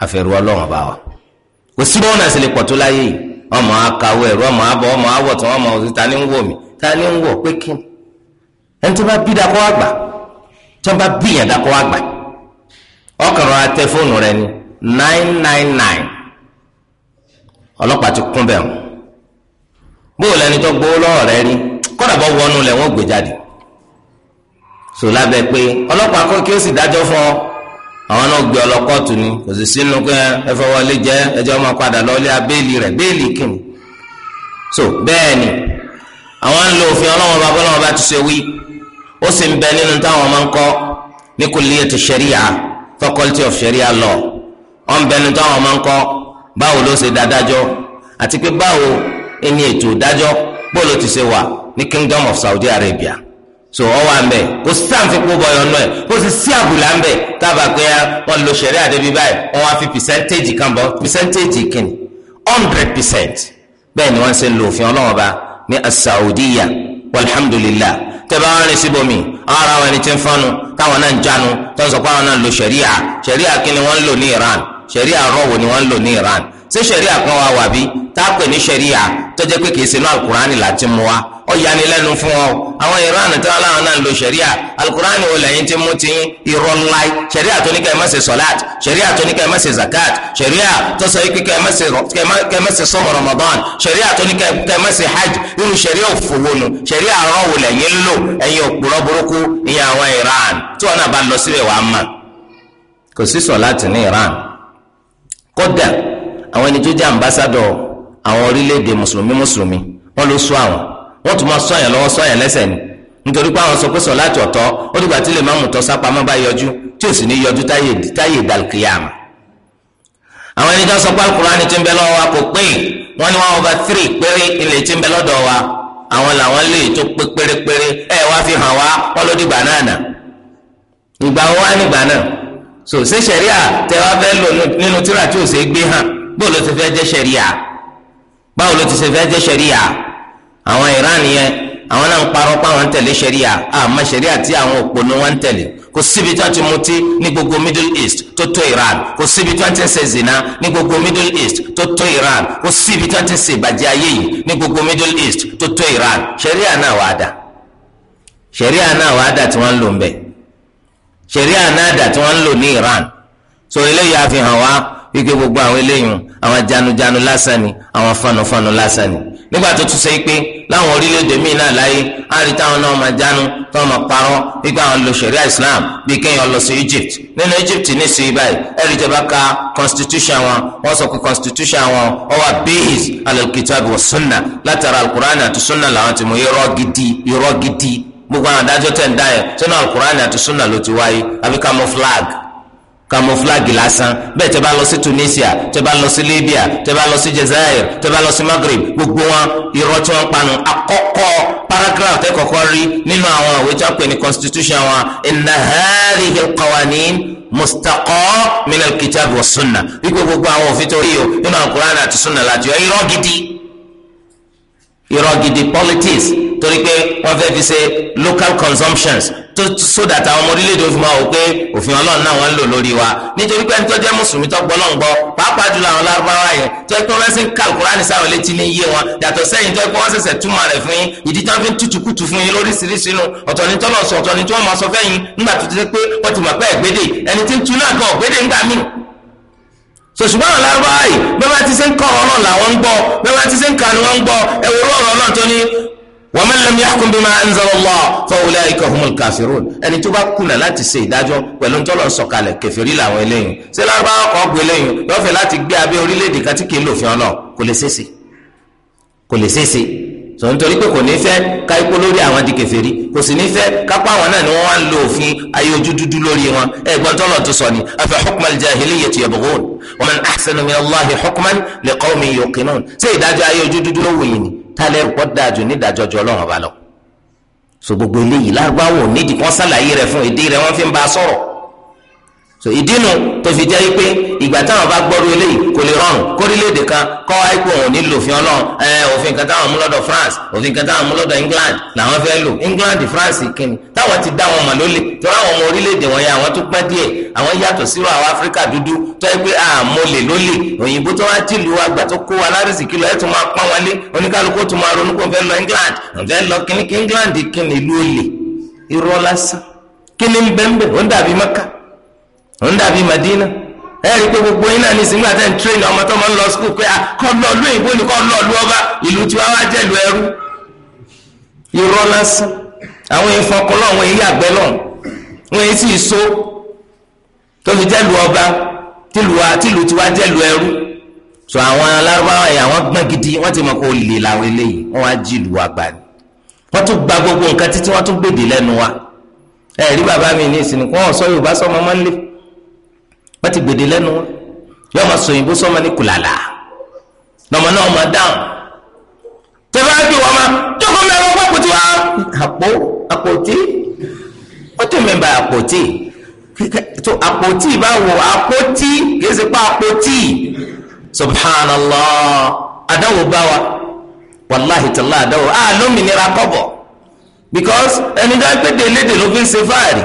àfẹrù Ọlọ́run bá wa kò sí bọ́ọ̀nù lè pọ̀ tó láyé yìí ọmọ akáwọ ẹ̀rọ ọmọ abọ ọmọ ọmọ òsì ta ni ń mí ta ni ń wò pé kí ni ẹni tó bá bí dakọ́ àgbà tó bá bí atẹ fóònù rẹ ni nine nine ti kún bóòlù ẹni tó gbowó lọ́wọ́ rẹ rí kọ́dà bọ́ wọnú lẹ̀ wọ́n gbé jáde pé ọlọ́pàá kọ́ kí ó sì dájọ́ fún àwọn náà gbé ọlọ́kọ́ọ̀tù ni kò sì sínú pé ẹ fọwọ́ lé jẹ́ ẹjọ́ máa padà lọ́ọ́lé abéèlì rẹ̀ béèlì kìnnì so bẹ́ẹ̀ ni àwọn ń lo òfin ọlọ́wọ́n bá bọ́lọ́wọ́n bá ti ṣe wí ó sì ń bẹ nínú táwọn máa ń kọ́ ní kulliyatu sharia faculty of sharia law ó ń bẹ nínú táwọn máa ń kọ́ báwo ló ṣe dádájọ́ àti pé báwo ẹni ètò ìdájọ́ bó ló ti ṣe wà ní kingdom of Saudi Arabia so ọwọ àmbẹ kò sí àǹfikún bọyọ náà ẹ kò sí sí àbùlà àmbẹ tábà pé wọn lo sẹrí àdébí báyìí wọn wá fi pìsẹ́ntéèjì kan bọ pìsẹ́ntéèjì kìnnì hundred percent bẹ́ẹ̀ ni wọ́n ṣe ń lo òfin ọlọ́wọ́n ní asaudiya walhamdulillah tẹ́bá wọn rìn síbòmí àwọn ará wọn ẹni tí ń fọ́nu táwọn náà ń jánu tó ń sọ pé àwọn náà ń lo sẹ̀ríà sẹ̀ríà kí wọ́n ń lò ní Iran sẹ̀ríà rọ́wọ̀ ni wọ́n ń lò ní Iran ṣé sẹ̀ríà kan wà wàbí tá a pè ní sẹ̀ríà tó jẹ́ pé kìí sinú alukur'ani láti mú wa ó yani lẹ́nu fún ọ àwọn iran tí wọn láwọn náà ń lo sẹ̀ríà alukur'ani wo lẹ́yìn tí mú ti irọ́ ńlá sẹ̀ríà tó ní kẹ́ ẹ má sọ́láàt sẹ̀ríà tó ní kẹ́ ẹ má zakat sẹ̀ríà tó sọ pé kẹ́ ẹ má ṣe ramadan sẹ̀ríà tó ní kẹ́ ẹ má hajj irú sẹ̀ríà òfowónu sẹ̀ríà arọ́ àwọn ẹni tó jẹ́ ambassadọ̀ àwọn orílẹ̀-èdè mùsùlùmí mùsùlùmí wọ́n ló sọ àwọn wọ́n tún máa sọ àyàn lọ́wọ́ sọ àyàn lẹ́sẹ̀ ni nítorí pé àwọn sọ pé sọ láti ọ̀tọ̀ ó dìgbà tí lè má mú tọ́sá pamọ́ bá yọjú tí ò sì ní yọjú táyé ìdàlùkìyàmà àwọn ẹni tó sọ pé alukurani ti ń bẹ lọ́wọ́ wa kò pé wọ́n ní one over three péré ilé ti ń bẹ lọ́dọ̀ wa àwọn làwọn lè tó pé pérépéré ẹ wá fi hàn wá wọ́n ló dìgbà náà nà ìgbà wo wá nígbà náà so ṣé sẹ̀ríà tẹ wá fẹ́ lò nínú tíra tí ò sì gbé hàn bó ló ti fẹ́ jẹ́ sẹ̀ríà báwo ló ti ṣe fẹ́ jẹ́ sẹ̀ríà àwọn Iran yẹn àwọn náà ń parọ́ pé àwọn ń tẹ̀lé sẹ̀ríà àmọ́ sẹ̀ríà tí àwọn òpònú wọn ń tẹ̀lé kò síbi tí wọ́n ti mutí ní gbogbo middle east tó tó Iran kò síbi tí wọ́n ti ṣe zina ní gbogbo middle east tó tó Iran kò síbi tí wọ́n ti ń ṣe ìbàjẹ́ ayé yìí ní gbogbo middle east tó tó Iran sẹ̀ríà náà wàá dà sẹ̀ríà náà wàá dà tí wọ́n ń lò ń bẹ̀ sẹ̀ríà náà dà tí wọ́n ń lò ní Iran so eléyìí àfihàn wa wípé gbogbo àwọn eléyìí àwọn janujanu lásán ni àwọn fanufanu lásán ni nígbà tó tún ṣe pé láwọn orílẹ̀-èdè míì náà láyé àárí táwọn náà máa jánu tó máa parọ́ nígbà àwọn lo islam bíi kéèyàn lọ sí Egypt nínú Egypt ní sí báyìí ẹ̀rí ìjọba ka constitution wọn wọ́n sọ pé constitution wọn ó wà bíyìs alal-kitabi wa sunna látara alukur'an àti sunna làwọn ti mú irọ́ gidi irọ́ gidi gbogbo àwọn adájọ́ tẹ̀ ń dá yẹn sínú alukur'an àti sunna ló ti wáyé àbí camouflage kamoflagi lásán bẹ́ẹ̀ tẹ́ bá lọ sí Tunisia tẹ́ bá lọ sí Libya tẹ́ bá lọ sí Jazair tẹ́ bá lọ sí Maghreb gbogbo wọn irọ́ tí wọ́n panu àkọ́kọ́ paragraph tẹ́ kọ́kọ́ rí nínú àwọn ìwé tí wọ́n pè ní constitution wọn inna hadhihi alqawanin mustaqo min alkitab wa sunna wípé gbogbo àwọn òfin tó yíyọ nínú alukur'an àti sunna láti yọ irọ́ gidi irọ́ gidi politics torí pé wọ́n fẹ́ fi ṣe local consumptions tó sódà táwọn ọmọ orílẹ̀-èdè òfin máa wò pé òfin ọlọ́run náà wọ́n ń lò lórí wa nítorí pé ẹni tó jẹ́ mùsùlùmí tó gbọ́lọ́ ń gbọ́ pàápàá jùlọ àwọn lárúbáwá yẹn tó ẹ pé wọ́n sì ń ka alukurani sáwọn létí ní iye wọn yàtọ̀ sẹ́yìn tó ẹ pé wọ́n ṣẹ̀ṣẹ̀ túmọ̀ rẹ̀ fún yín ìdí tó ń fi tutù kutù fún yín lóríṣiríṣi nu ọ̀tọ̀ ni tọ́lọ̀ sọ ọ̀tọ̀ ni tí wọ́n máa sọ fẹ́yìn nígbà tó ti pé wọ́n ti mọ̀ pé ẹ̀gbédè ẹni tí ń tu náà kan ọ̀gbédè ń gbà míì sòṣùgbọ́n àwọn lárúbáwá yìí bẹ́ẹ̀ bá ti ṣe ń kọ́ ọ̀rọ̀ làwọn ń gbọ́ bẹ́ẹ̀ bá ti ṣe ń kà ni wọ́n ń gbọ́ ẹ̀wòrán ọ̀rọ̀ náà tó ní wa man lam yahkum bima anzala Allah fa ulaika humul kafirun ẹni tó bá kùnà láti ṣe ìdájọ́ pẹ̀lú ntọ́lọ̀ sọ̀kalẹ̀ kẹfìrí làwọn eléyìn ṣé lárúbáwá kan gbé eléyìn lọ́fẹ̀ẹ́ láti gbé abẹ́ orílẹ̀-èdè kan tí kì í lòfin ọlọ́ kò lè ṣeéṣe kò lè ṣeéṣe sọ nítorí pé kò ní fẹ́ ká ipò lórí àwọn di kẹfẹ́rí kò sì ní fẹ́ kápá àwọn náà ni wọ́n wá ń lo òfin ayé ojú dúdú lórí wọn ẹ̀gbọ́n tọ́lọ̀ tó sọ ni afa hukmal jahiliyyati yabghun wa man ahsanu min Allahi hukman liqawmin yuqinun ṣé ìdájọ́ ayé ojú dúdú ló wòye ni tálẹ́rù kọ́ dáa jù nídàájọ́ ju ọlọ́run ọba lọ so gbogbo eléyìí lárúbáwò nídìí kan sàlàyé rẹ̀ fún èdè rẹ̀ wọ́n fi ń bá a sọ̀rọ̀ so ìdínú tó fi jẹ́ pé ìgbà táwọn bá gbọ́rú eléyìí kò lè rọrùn kórílẹ̀-èdè kan kọ́ àìkú òun nílò òfin ọlọ́run ẹ òfin kan táwọn mú lọ́dọ̀ France òfin kan táwọn mú lọ́dọ̀ England làwọn fẹ́ lò England France kìíní táwọn ti dá wọn mà lólè torí àwọn ọmọ orílẹ̀-èdè wọn yẹn àwọn tó pẹ́ díẹ̀ àwọn yàtọ̀ sírò àwọn Áfíríkà dúdú tó yẹ pé àmọ́ lè lólè òyìnbó tó wá tìlú àgbà tó kó wa lárìsìkí lọ ẹ tó máa pọ́n wọlé oníkálukú tó máa ronú kó fẹ́ lọ England fẹ́ lọ kíní kí England kíní ìlú olè irọ́ lásán kíní ń bẹ́ńbẹ́ ó dàbí Mẹ́kà ń dàbí Madina ẹ rí i pé gbogbo yín náà ní sinmi àti ẹ̀ńtírẹ́nì ọmọ tó máa ń lọ skul pé ah, kọ́ lọ lu ìbò ni kọ́ lọ lu ọba ìlú tí wàá wá jẹ́ lu ẹrú irọ́ lásán àwọn èèyàn fọkàn lọ́wọ́ èyí àgbẹ̀ lọ́wọ́ wọn èyí sì so tó fi jẹ́ lu ọba tìlù tí wàá jẹ́ lu ẹrú so àwọn alárúbáwá yẹn àwọn gbọ́n gidi wọ́n ti mọ̀ kó lè làwọn eléyìí wọ́n wá jí lu àgbà ni wọ́n wọ́n tún gbèdè wọ́n ti gbèdé lẹ́nu yọ ọmọ sòyìnbó sọmọ ní kùlàlà lọmọ náà ọmọ dáhùn tẹ́fẹ́ á bí wọ́n ma jókòó mẹ́rin ọgbà kùtì wa àpò àpòtí wọ́n tó àpòtí tó àpòtí báwo àpòtí kìí ṣe pa àpòtí subhanallah adáwò báwa wàláhi tàlá àdáwò á ah, lómìnira kọ́bọ̀ because ẹni dá gbé délé dè ló fi ń ṣe fáàrí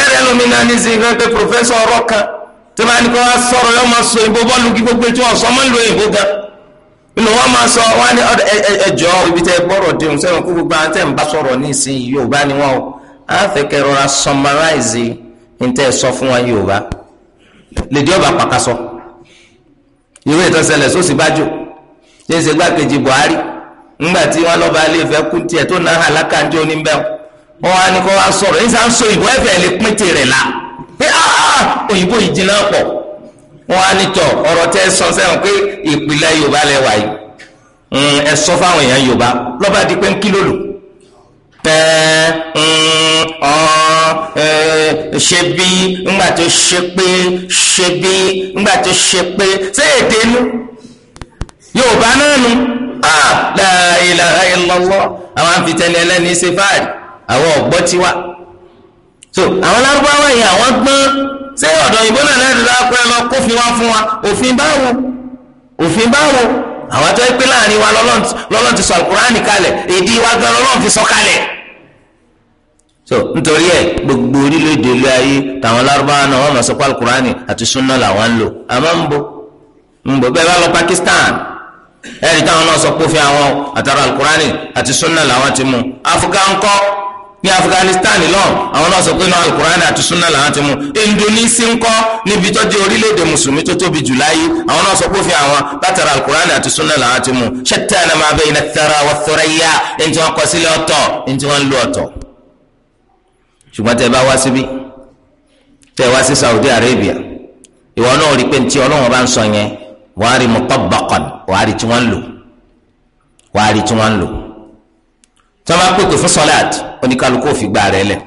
ẹ̀rẹ́ lómìnira ní sin kankan professor ọ̀rọ̀ kan. tí wọ́n bá ní kó wá sọ̀rọ̀ yọ máa sọ ìbò bọ́ọ̀lù kí gbogbo etí wọn sọ máa ń lo ìbò gan inú wọn máa sọ wọn ní ẹjọ́ ibi tẹ gbọ́rọ̀ dẹhùn sẹ́wọ̀n kó gbogbo àwọn tẹ̀ ń bá ní ìsìn ni wọn o rọra ní sọ fún Yorùbá ọba sọ ìwé sósì ṣe é ṣe Buhari ńgbà tí wọn lọ́ba ilé ìfẹ́ kú tiẹ̀ tó náà wọn pé ah, ah, òyìnbó yìí jìnnà pọ̀ wọn á nítọ ọ̀rọ̀ tẹ ẹ sọ sẹ́wọ̀n pé ìpìlẹ̀ yorùbá lẹ wà yìí mm, ẹ sọ fáwọn èèyàn yorùbá lọba di pé ń kí lòlù tẹ mm, ọ ṣe bí ńgbà tó ṣe pé ṣe bí ńgbà tó ṣe pé ṣé èdè nu yorùbá náà nu la ilaha illallah àwọn afitẹni ẹlẹni ṣe fáàrí àwọn ọgbọ tiwa so àwọn lárúbáwá yìí àwọn gbọ́n ṣé ọ̀dọ̀ òyìnbó náà lẹ́nu lápẹ́ lọ kófin wá fún wa òfin báwo òfin báwo àwọn tó ń pè láàrin wa lọ́lọ́n ti sọ alukurani kalẹ̀ èdè wa gan lọ́lọ́n fi sọ kalẹ̀ so nítorí ẹ gbogbo orílẹ̀-èdè ilé ayé tàwọn lárúbáwá náà wọ́n mọ̀ sọ pé alukurani àti sunna làwọn ń lò àmọ́ ń bọ̀ ń bọ̀ bẹ́ẹ̀ bá lọ Pakistan ẹ̀ẹ́dì táwọn náà sọ pé òfin àwọn àtàrà alukurani àti sunna làwọn ti mú Áfíríkà ńkọ́ ní Afghanistan lọ́n àwọn náà sọ pé náà alukur'an àti sunna làwọn ti mú Indonesia ńkọ́ níbi tó jẹ́ orílẹ̀-èdè mùsùlùmí tó tóbi jù láyé àwọn náà sọ pé òfin àwọn látara alukur'an àti sunna làwọn ti mú shattana ma bayna ath-thara wath-thuriyya ẹni tí wọ́n kọ sílẹ̀ ọ̀tọ̀ ẹni tí wọ́n ń ọ̀tọ̀. ṣùgbọ́n tẹ bá wá síbí tẹ wá sí Saudi Arabia ìwọ náà rí pé tí Ọlọ́run bá ń sọ yẹn wàá rí mutabbaqan wàá rí tí wọ́n lò wàá rí tí wọ́n lò tí wọ́n bá pèpè fún sọ́láàt oníkálukú òfin gbà rẹ̀ lẹ̀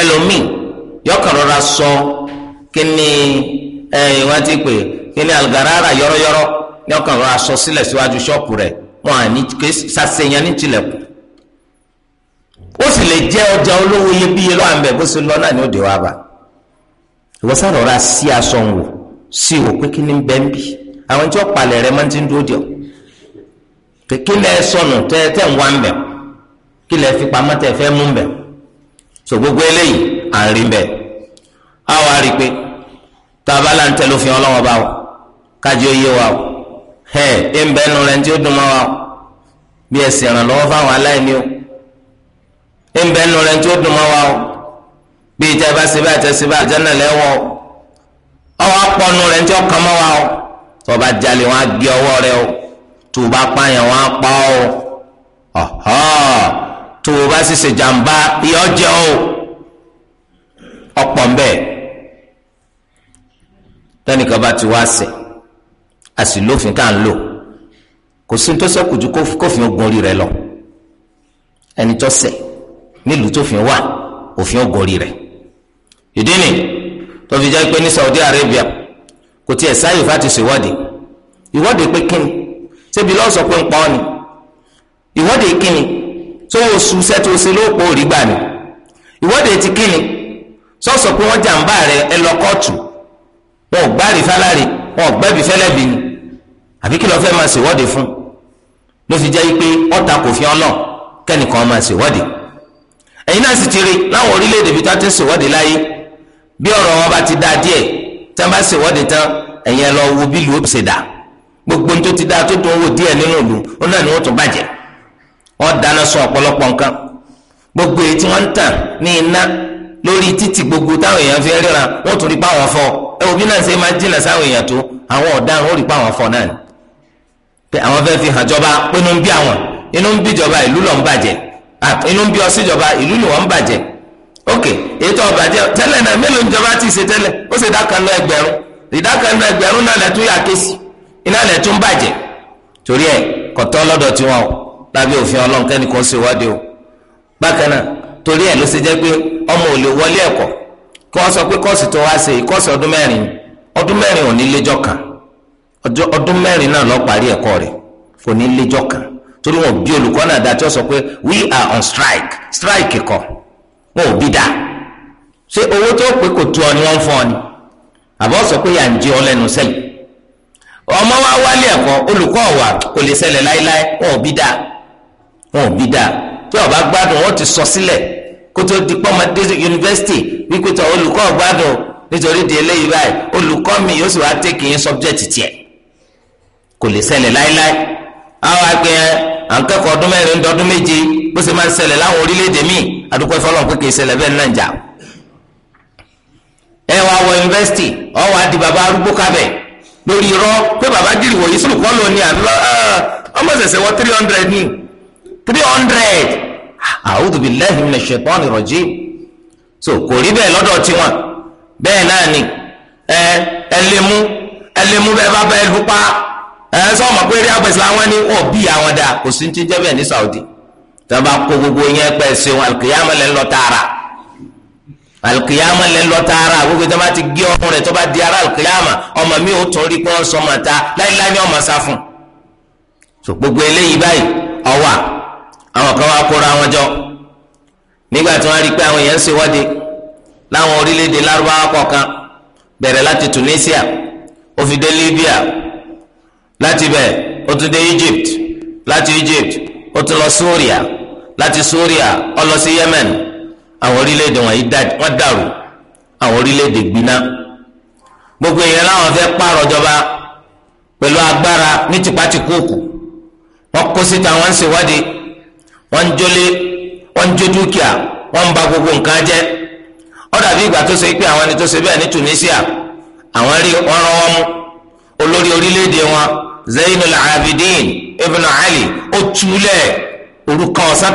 ẹlòmíì yọkàn rọra sọ kí ẹ wọ́n ti pè kí algarara yọ́rọ́yọ́rọ́ yọkàn rọra sọ sílẹ̀ síwájú ṣọ́ọ̀pù rẹ̀ wọn à ní ké sàṣeyàn ní tilẹ̀kùn ó sì lè jẹ́ ọjà olówó iyebíye lọ́wọ́ àmì bó ṣe lọ ni ó dé wá bá ìwọ sáré ọ̀rá sí aṣọ òun wò sí òpé kí ni bẹ́ẹ̀ ń bì àwọn tí ó palẹ̀ rẹ̀ máa ti ń dúró kí lẹ sọnù tẹ tẹ ń wá ń bẹ kí lẹ fi pamọ́ tẹ fẹ́ mú ń bẹ so gbogbo eléyìí à ń rí ń bẹ a wá rí i pé tá a bá là ń tẹ lófin ọlọ́wọ́ bá wa kájí ó yé wa o ẹ ẹ ń bẹ ẹnu rẹ tí ó dùn mọ́ wa o bí ẹsẹ̀ ìrànlọ́wọ́ fáwọn aláìní o ẹ ń bẹ ẹnu rẹ tí ó dùn mọ́ wa o bí ìjà bá ṣe bá ìjà ṣe bá àjánà lẹ́wọ̀ o ọwọ́ pọnù rẹ tí ó mọ́ wa o tọ́ba jalè wọn á gé ọwọ́ rẹ o tó o bá pààyàn wọn á pa tó o bá sì ṣe jàǹbá ìyọ jẹ o ọ̀pọ̀ nbẹ tẹnìkan bá ti wá ṣe a sì lófin tá à ń lò kò sí ní tó ṣẹ́kù ju kófin ogun orí rẹ lọ ẹni tó ṣẹ̀ nílùú tó fi wà òfin ogun orí rẹ ìdí ni tó fi jẹ́ pé ní Saudi Arabia kò tiẹ̀ sáyè fáti ṣèwọ́de ìwọ́de pé kíni ṣébi lọ́sọ̀ pé ń pa ọ́ ni ìwọ́de kínni tó o su sẹ́tò sí lóòpọ̀ òrí gbà ni ìwọ́de ti kínni sọ́sọ̀ pé wọ́n jàǹbá rẹ ẹ lọ kóòtù wọn ò gbárí fálárì wọn ò gbẹ́bí fẹ́lẹ́bí ni àbí kí ló fẹ́ máa ṣèwọ́de fún ló fi jẹ́ pé ọ̀tà kò fi ọ́nà kẹ́nìkan máa ṣèwọ́de ẹ̀yin náà sì ti rí láwọn orílẹ̀-èdè bíi tá a ti ń ṣèwọ́de láyé bí ọ̀rọ̀ wọn bá ti dá díẹ̀ tẹ́ bá ṣèwọ́de tán ẹ̀yin ẹ lọ wo bí lu ó ṣe dà gbogbo ní ti dáa tó tó wò díẹ̀ nínú ìlú ó náà ni wọ́n dáná gbogbo èyí tí wọ́n ń tàn ní iná gbogbo táwọn èèyàn fi ríran wọ́n tún rí fọ ẹ òbí náà ṣe máa jìnnà sáwọn èèyàn tó àwọn rí fọ náà ni pé àwọn fẹ́ fi hàn jọba pé inú ń bí àwọn inú ń bí ìjọba ìlú ok èyí tó náà mélòó ìjọba ti ṣe ó ṣe náà iná lẹ̀ tún bàjẹ́ torí ẹ̀ kọ̀tọ́ lọ́dọ̀ tiwọn o lábẹ́ òfin ọlọ́run kẹ́ni kan ṣe o bákan náà torí ẹ ló ṣe jẹ́ pé ọmọ ò lè wọlé ẹ̀kọ́ kí wọ́n sọ pé kọ́ọ̀sì tó wá ṣe kọ́ọ̀sì torí wọn bí olùkọ́ náà dá sọ pé we are on strike strike kọ wọn ò bí dá ṣé owó tó pé kò tu ọ ni wọ́n fún ọ ni ọ lẹ́nu sẹ́yìn ọmọ wa wálé ẹ̀kọ́ olùkọ́ wa kò lè ṣẹlẹ̀ láéláé wọn ò bí dáa wọn ò bí dáa tí ọba gbádùn wọn ti sọ sílẹ̀ kó tó di pọ́mọdé yunifásitì wípé tó olùkọ́ gbádùn nítorí di eléyìí báyìí olùkọ́ mi yóò sì wá tẹ́kì yín sọ́bjẹ́tì tiẹ̀ kò lè ṣẹlẹ̀ láéláé àwọn àgbẹ̀ à ń kẹ́kọ̀ọ́ ọdún mẹ́rin dọ́dún méje bó ṣe máa ń ṣẹlẹ̀ láwọn orílẹ̀-èdè míì àdúgbò ìfọlọ́ pé wá wọ yunifásitì ọ wá di bàbá arúgbó kábẹ́ẹ̀ lórí irọ́ pé bàbá gírì wọ̀nyí sùn kọ́ lóní àbúrò ọmọ ṣẹ̀ṣẹ̀ wọ three hundred ni three hundred a'udhu billahi minash shaitani rajim so kò rí bẹ́ẹ̀ lọ́dọ̀ tiwọn bẹ́ẹ̀ náà ni ẹ ẹ lè mú ẹ lè mú bẹ́ẹ̀ bá bẹ́ẹ̀ lù ẹ sọ ma pé rí abẹ́sẹ̀ àwọn ni wọ́n bí àwọn dà kò sí ti jẹ́ bẹ́ẹ̀ ní Saudi tí wọ́n bá kó gbogbo yẹn pẹ̀ sí wọn àlùkìyàmọ́ lẹ́ ń lọ tààrà alikiyama lẹ lọ taara gbogbo tó bá ti gé ọmọ rẹ tó bá di ara alikiyama ọmọ mi ò tún rí pé wọn sọ ma ta láíláí ni ọmọ sá fún so gbogbo eléyìí báyìí ọwà àwọn kan wá kóra wọn jọ nígbà tí wọn rí pé àwọn èèyàn ń ṣèwọ́de láwọn orílẹ̀-èdè lárúbáwá kọ̀ọ̀kan bẹ̀rẹ̀ láti Tunisia ó fi dé Libya láti bẹ̀ ó tún dé Egypt láti Egypt ó tún lọ Syria láti Syria ó lọ sí Yemen. àwọn orílẹ̀-èdè wọ̀nyí wọ́n dàrú àwọn orílẹ̀-èdè gbiná gbogbo èèyàn láwọn fẹ́ pààrọ̀ jọba pẹ̀lú agbára ní tìpátìkúùkù wọ́n kó síta wọ́n ń ṣèwádìí wọ́n ń jólé wọ́n ba gbogbo nǹkan jẹ́ ó dàbí ìgbà tó ṣe pé àwọn ẹni tó ṣe bẹ́ẹ̀ ní Tunisia àwọn rí wọ́n rán wọn mú olórí orílẹ̀-èdè wọn Abidin Ibn Ali ó túlẹ̀ ọ̀sán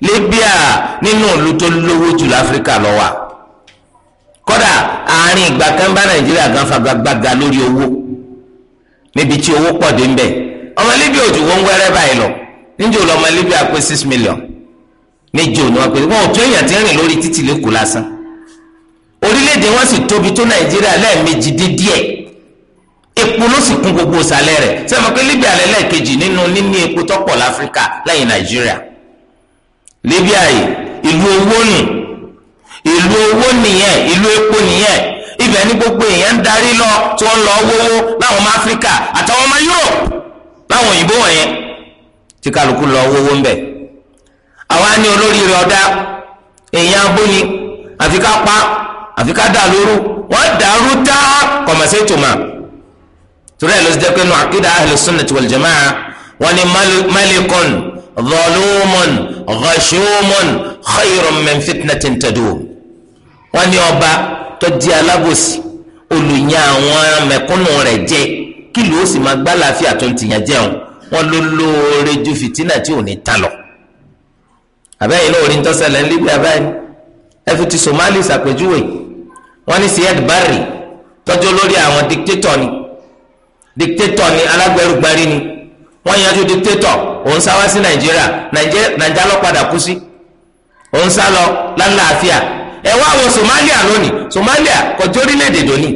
Libya nínú ìlú tó lówó jù láfíríkà lọ wà kódà àárín ìgbà kan bá nàìjíríà gan fagagbága lórí owó níbi tí owó pọ̀ dé ń bẹ̀ ọmọ Libya ò ju wọn wẹ́rẹ́ báyìí lọ níjẹ́ ò lọ ọmọ Libya pé six million níjẹ́ ò ní wọn pé wọn ò tó èèyàn ti rìn lórí títì lẹ́kọ̀ọ́ lásán orílẹ̀-èdè wọn sì tóbi tó nàìjíríà lẹ́ẹ̀mejì dé díẹ̀ epo ló sì kún gbogbo ìsàlẹ̀ rẹ̀ sẹ́wọ̀n pé Libya lẹ́lẹ́kejì nínú níní epo tọ́pọ̀ láfíríkà lẹ́yìn nàìjíríà. Libya yìí ìlú owó nù ìlú owó nìyẹn ìlú epo nìyẹn ibẹ̀ ní gbogbo èèyàn ń darí lọ tí wọ́n lọ wówó láwọn ọmọ Áfíríkà àtàwọn ọmọ Europe láwọn òyìnbó wọ̀nyẹn tí kálukú lọ wówó ń bẹ̀ àwa ní olórí rẹ̀ ọ̀dá èèyàn abóni àfi ká pa àfi ká dà lóru wọ́n dàrú tá kọ̀mọ̀sẹ́ tòmá torí ẹ̀ ló ti jẹ́ nù àkídà ahlus sunnah wal jamaa wọ́n ní malikun. Mali zọlúmọ̀n ọ̀gáṣúmọ̀n xeyìrọ̀mẹ̀n fitnatin tẹ̀dó. wọ́n ní ọba tó di alábòsí olùyàn àwọn mẹ̀kúnnù rẹ̀ jẹ kí ló sì máa gbá láàfin àtúntìyàn jẹun wọn ló lóore ju fìtínà tí ò ní tán lọ. àbẹ́yìn náà orin tọ́sẹ̀lẹ̀ ń Libya báyìí ẹ ti Somali ṣàpèjúwe wọ́n ní Siad Barre tọ́jú lórí àwọn dictator ni dictator ni alágbẹ̀rùgbárí ni wọ́n yanjú dictator òun sá wá sí nàìjíríà nàìjíríà lọ padà kú sí òun sá lọ lálàáfíà ẹ wá wo Somalia lónìí Somalia kọjọ orílẹ̀-èdè dòní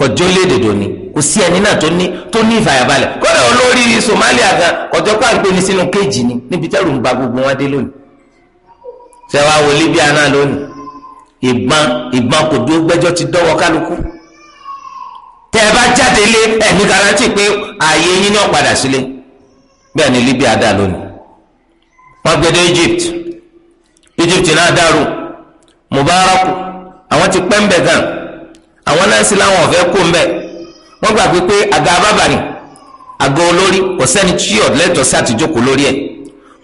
kọjọ orílẹ̀-èdè dòní kò sí ẹni náà tó ní tó ní ìfàyàbalẹ̀ kódà olórí Somalia gan kọjọ pàǹpé ní sínú kéèjì ni níbi tẹ́rù ń ba gbogbo wọn dé lónìí ṣé wá wo Libya náà lónìí ìbọn ìbọn kò dúró gbẹ́jọ́ ti dọ́wọ́ kálukú tẹ́ ẹ bá jáde lé ẹ̀ garanti pé ààyè yín náà padà sílé bẹ́ẹ̀ ni Libya dà lónìí wọ́n gbé dé Egypt Egypt náà dàrú Mubarak àwọn ti pẹ́ ń bẹ̀ gan àwọn náà sì láwọn ọ̀fẹ́ kó ń bẹ̀ wọ́n gbàgbé pé àga abábàrì àga olórí kò sẹ́ni tí yọ̀ lẹ́tọ̀ọ́ sí àtijókòó lórí ẹ̀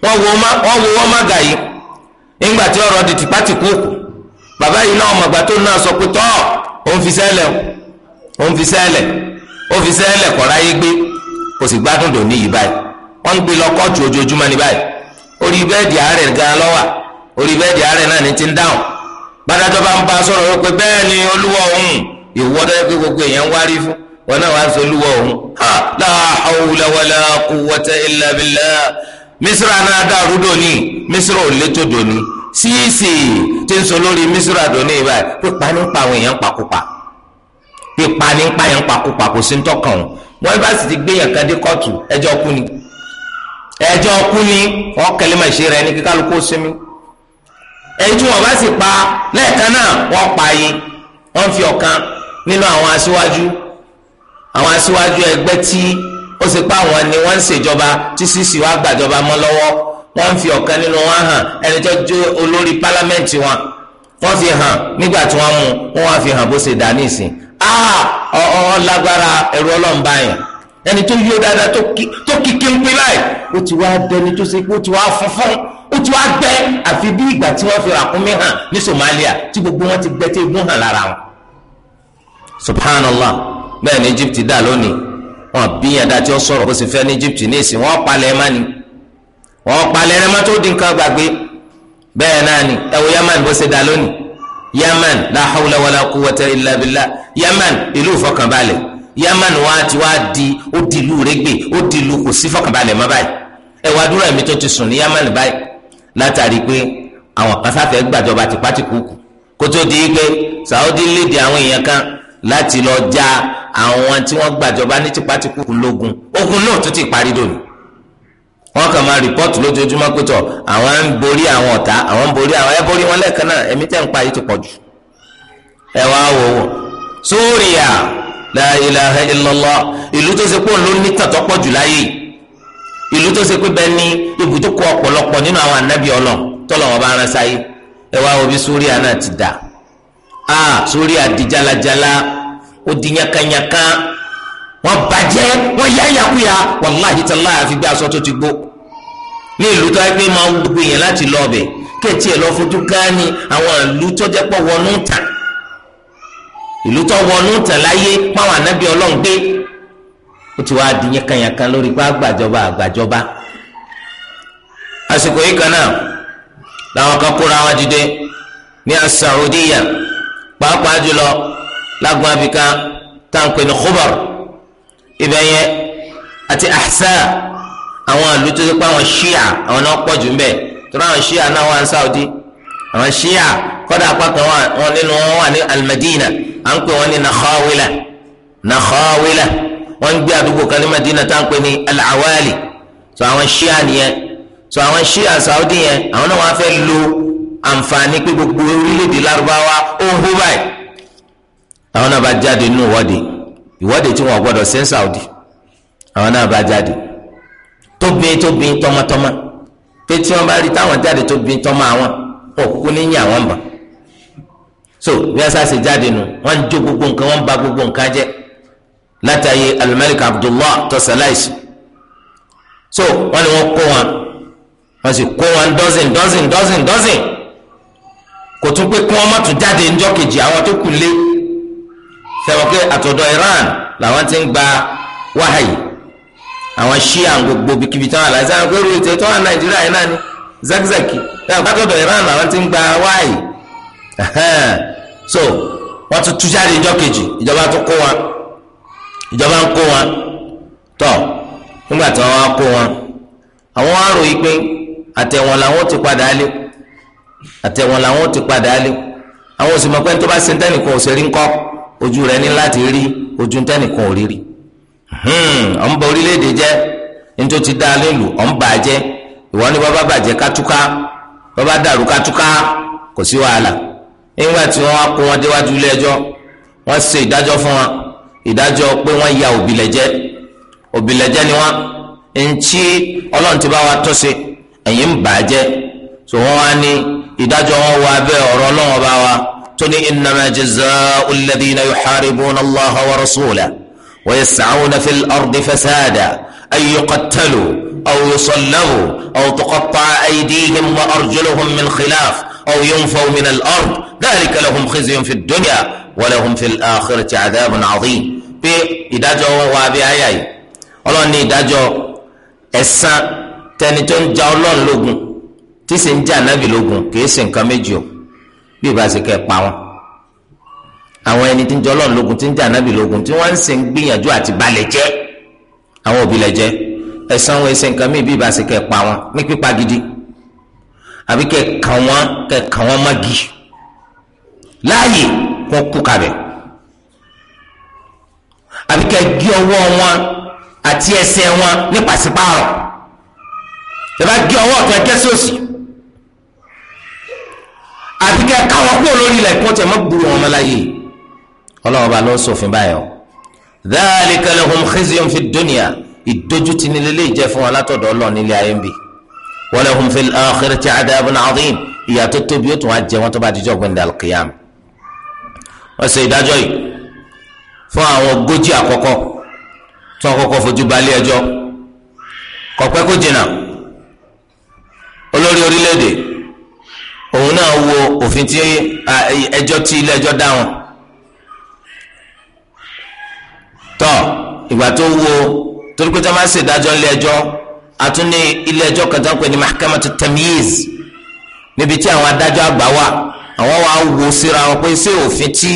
wọ́n wo wọ́n má gà yìí nígbà tí ọ̀rọ̀ di tìpátìkú bàbá yìí náà mọ̀gbà tó náà sọ pé tọ́ òun fi sẹ́lẹ̀ o ó ń fi sẹ́ẹ̀lẹ̀ ó fi sẹ́ẹ̀lẹ̀ kọ́ ráyé gbé kò sì gbádùn dòní yìí báyìí wọ́n ń gbé lọ kóòtù ojoojúmọ́ ní báyìí orí bẹ́ẹ̀dì àárẹ̀ gan lọ́wà orí bẹ́ẹ̀dì àárẹ̀ náà ní ti ń dáhùn bàdájọ́ bá ń bá a sọ̀rọ̀ ó pé bẹ́ẹ̀ ni olúwa òun ìwọ dẹ́ pé gbogbo èèyàn ń wárí fún wọn náà wá ń sọ olúwa òun misra náà dàrú dòní misra ò létò dòní síìsì tí ń sọ lórí misra dòní báyìí pé panípa àwọn èèyàn pakópa ìpani ń payàn pakópa kò sí ń o wọn bá sì ti gbéyàn kan dé kóòtù ẹjọ́ kú ni ẹjọ́ kú ni wọn kẹlẹ máa ṣe rẹ ní kíkálukú sinmi ẹjú wọn bá sì pa lẹ́ẹ̀kan náà wọn pa yín wọn fi ọ̀kan nínú àwọn aṣíwájú àwọn aṣíwájú ẹgbẹ́ tí ó sì pa àwọn ni wọn ń ṣèjọba tí sísì wàá gbàjọba mọ́ lọ́wọ́ wọn fi ọ̀kan nínú wọn hàn ẹni tó jẹ́ olórí pálámẹǹtì wọn wọn fi hàn nígbà tí wọn mú wọn wá fi hàn bó ṣe dà ní ìsìn Ah, ọ lágbára ẹ̀rọ ọlọ́run báyìí ẹni tó yíyó dáadáa tó kíkí ń pín láì ó ti wá dẹni tó ṣe pé ó ti wá funfun ó ti wá gbẹ àfi bí ìgbà tí wọ́n fi ràkúnmí hàn ní Somalia tí gbogbo wọn ti gbẹ tí egun hàn lára wọn. subhanallah bẹ́ẹ̀ ni Egypt dà lónìí wọn bí yàn dá tí ó sọ̀rọ̀ bó ṣe fẹ́ ní Egypt ní ìsìn wọn palẹ̀ ẹ̀ má ni wọn palẹ̀ ẹ̀ má tó di nǹkan gbàgbé bẹ́ẹ̀ náà ni ẹ̀wọ̀ yamani bó ṣe dà lónìí yemen la hawla wala quwwata illa billah yemen ìlú ìfọkànbalẹ̀ yemen wa ti wa di ó di ìlú rẹgbẹ ó di ìlú kò sí ìfọkànbalẹ̀ mọ́ báyìí ẹ wá dúró ẹ̀mí tó ti sùn ní yemen báyìí látàrí pé àwọn kan sáfẹ́ gbàjọba tipátikùkù kó tó di pé saudi léde àwọn èèyàn kan láti lọ ja àwọn tí wọ́n gbàjọba ní tipátikùkù lógun ogun náà tó ti parí dòní wọn kàn máa rìpọ́tù lójoojúmọ́ pé tọ̀ àwọn ń borí àwọn ọ̀tá àwọn ń borí àwọn ẹ wọn lẹ́ẹ̀kan náà ẹ̀mí tẹ̀ ń pa yìí ti pọ̀ jù ẹ wá wò wò Súríà la ilaha illallah ìlú tó ṣe pé òun ló ní tàtọ́ pọ̀ jù láyé ìlú tó ṣe pé bẹ́ẹ̀ ni ibùdókọ̀ ọ̀pọ̀lọpọ̀ nínú àwọn ànábì ọlọ tọ́lọ̀ wọn bá rán sáyé ẹ wá wo bí Súríà náà ti dà á Súríà bàjẹ́ wọn yá yakuya wàláhi tàláyà fi gbé aṣọ tó ti gbó ní ìlú tó ẹgbẹ́ máa ń gbogbo èèyàn láti lọ ọbẹ̀ kẹtì ẹ̀ lọ fojú káàní àwọn ìlú tó jẹ́ pọ̀ wọnú tàn ìlú tó wọnú tàn láyé páwọn ànábì ọlọ́run gbé ó ti wáá di yẹkanyẹkan lórí pé àgbàjọba àgbàjọba àsìkò yìí kan náà làwọn kan kóra wọn dìde ní asaudiya pàápàá jùlọ lágbọn abika táǹpẹ̀ ní Khubar ibẹ̀ àti Ahsa àwọn ìlú tó ti pa àwọn ṣíà àwọn náà pọ̀ jù ń bẹ̀ tó láwọn ṣíà náà wà ní Saudi àwọn ṣíà kọ́dà apákan wọn nínú wọn wà ní Al-Madina à ń pè wọn ní Nakhawila Nakhawila wọn ń gbé àdúgbò kan ní Madina tá à ń pè ní al tó àwọn ṣíà nìyẹn tó àwọn ṣíà Saudi yẹn àwọn náà wọn fẹ́ lo àǹfààní pé gbogbo orílẹ̀-èdè Lárúbáwá ó ń hó báyìí àwọn náà bá jáde nínú ìwọ́de ìwọ́de tí wọn gbọ́dọ̀ sí Saudi àwọn náà bá jáde tóbin tóbin tọmọtọmọ pé tí wọn bá rí táwọn jáde tóbin tọmọ àwọn òkú ní yàn wọn bà so bí wọn sáà ṣe jáde nù wọn ń jó gbogbo nǹkan wọn ń ba gbogbo nǹkan jẹ látàyè alimẹlika abdullahi tọsẹláìsì so wọn ni wọn kó wọn wọn sì kó wọn dọ́sìn dọ́sìn dọ́sìn dọ́sìn kò tún pé kí wọn má tún jáde níjọ́ kejì àwọn tó kù lé sẹwọn pé àtọ̀dọ̀ Iran làwọn ti ń gba wáhàyè àwọn ṣíà gbogbo bíkíbi tán àlàyé sáà pé rúùtù ètò àwọn nàìjíríà yìí náà ni zakzaki náà gbàdọ̀dọ̀ iran làwọn ti ń gba wáyì so wọ́n tún tú jáde ìjọ kejì ìjọba tún kó wọn ìjọba ń kó wọn tọ nígbà tí wọ́n kó wọn àwọn wá rò yí pé àtẹ̀wọ̀n làwọn ti padà lé àtẹ̀wọ̀n làwọn ti padà lé àwọn òsì mọ̀ pé tó bá ṣe tẹ́nìkan òṣèré ńkọ́ ojú rẹ̀ ní láti rí ojú tẹ́nìkan ò rí Hmm, ọ̀n bà orílẹ̀-èdè jẹ́ nítorí ti dá lélu ọ̀n bà jẹ́ ni bàbá bàjẹ́ kátúká bàbá dàrú kátúká kò sí wàhálà nígbà tí wọ́n kó wọn déwájú ilé ẹjọ́ wọ́n ṣe ìdájọ́ fún wọn ìdájọ́ pé wọ́n ya òbílẹ̀jẹ́ ni wọ́n ntí ọlọ́run ti bá wa tọ́ sí ẹ̀yìn ń so wọ́n wá ní ìdájọ́ wọn ọ̀rọ̀ ọlọ́run ọba wa tó ní ويسعون في الأرض فسادا أن يقتلوا أو يصلبوا أو تقطع أيديهم وأرجلهم من خلاف أو ينفوا من الأرض ذلك لهم خزي في الدنيا ولهم في الآخرة عذاب عظيم pé ìdájọ́ wọn wá bí ayá yìí ọlọ́run ní ìdájọ́ ẹ̀san tẹni tó ń ja ọlọ́run lógun àwọn ẹni tí ń jọ Ọlọ́run lógun tí ń jẹ ànábì lógun tí wọ́n ń ṣe ń gbìyànjú àti balẹ̀ jẹ́ àwọn òbí lẹ̀ jẹ́ ẹ̀sán wọn ẹsẹ̀ nǹkan mí bí ibà sí kẹ́ pa wọn ní pípa gidi àbí kẹ́ kà wọ́n kẹ́ kà wọ́n mági láàyè kó kú kabẹ̀ àbí kẹ́ ọwọ́ wọn àti ẹsẹ̀ wọn ní pàṣípààrọ̀ ìbá gé ọwọ́ ọ̀tún ẹ̀kẹ́ sósì àbí kẹ́ káwọn kúrò lórí ilẹ̀ kó mọ́ gbúrò wọn mọ́ yìí ọlọ́wọ́ bá lọ sófin báyọ̀ dhalika lahum khizyun fi dunya ìdójútì nílé lè jẹ́ fún wọn látọ̀dọ̀ ọlọ́ọ̀ nílé ayé ń bì wa lahum fil akhirati adhabun adhim ìyà tó tóbi ó tún wá jẹ wọn tó bá dijọ́ gbẹ̀ndẹ̀ alqiyam wọ́n ṣe ìdájọ́ yìí fún àwọn ogójì àkọ́kọ́ tí wọ́n kọ́kọ́ fojú balẹ̀ ẹjọ́ kọ̀pẹ́ kó jìnnà olórí orílẹ̀-èdè òun náà wo òfin tí ẹjọ́ tí ilé ẹjọ́ dáhùn tọ ìgbà tó wo torí pé tí wọn máa ń ṣe ìdájọ́ ilé ẹjọ́ àtúndé ilé ẹjọ́ kan tó ń pè ní mahkamatu tamyiz níbi tí àwọn adájọ́ àgbà wà àwọn wa wo síra wọn pé ṣé òfin tí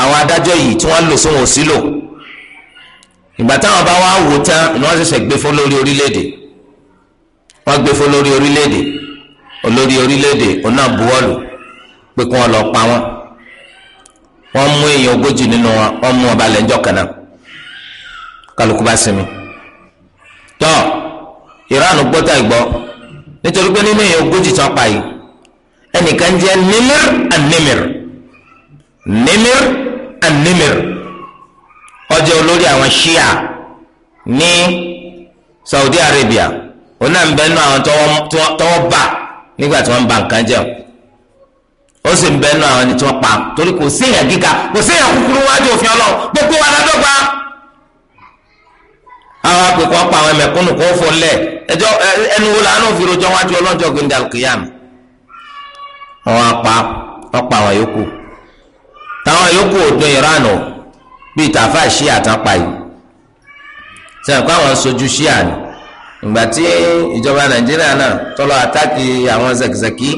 àwọn adájọ́ yìí tí wọn lò sí wọn ò sí lò ìgbà táwọn bá wá wò tán ni wọn ṣẹ̀ṣẹ̀ gbé fún lórí orílẹ̀-èdè wọn gbé fún lórí orílẹ̀-èdè olórí orílẹ̀-èdè ọ̀nà buwọ́lù pé kí wọ́n lọ pa wọn wọ́n mú èèyàn ogójì nínú wọn wọ́n mú ọba lẹ́jọ́ kan náà kálukú bá sinmi tọ́ Iran gbọ́tà ìgbọ́ nítorí pé nínú èèyàn ogójì tán pa yìí ẹnìkan jẹ́ nimir animir nimir animir ó jẹ́ olórí àwọn shia ní Saudi Arabia òun náà ń bẹ nínú àwọn tọ́wọ́ bá nígbà tí wọ́n ń ba nǹkan jẹ́ ó sì ń bẹ nínú àwọn ẹni tí wọ́n pa torí kò sí èèyàn gíga kò sí èèyàn kúkúrú wájú òfin Ọlọ́run gbogbo wa ládọ́gba àwọn akpèkọ pa àwọn ẹmẹ̀kúnnù kó fò lẹ ẹjọ ẹnu wo làánú òfin rojọ wájú ọlọ́njọ gbẹndé alùkìyàmù wọn apá wọn pa àwọn yòókù táwọn yòókù òdun iran o bíi tàfà ṣíà tán pa yìí sẹ́yìn kó àwọn sojú ṣíà ni ìgbà tí ìjọba nàìjíríà náà tọ́lọ́ àtàkì àwọn zẹkizẹki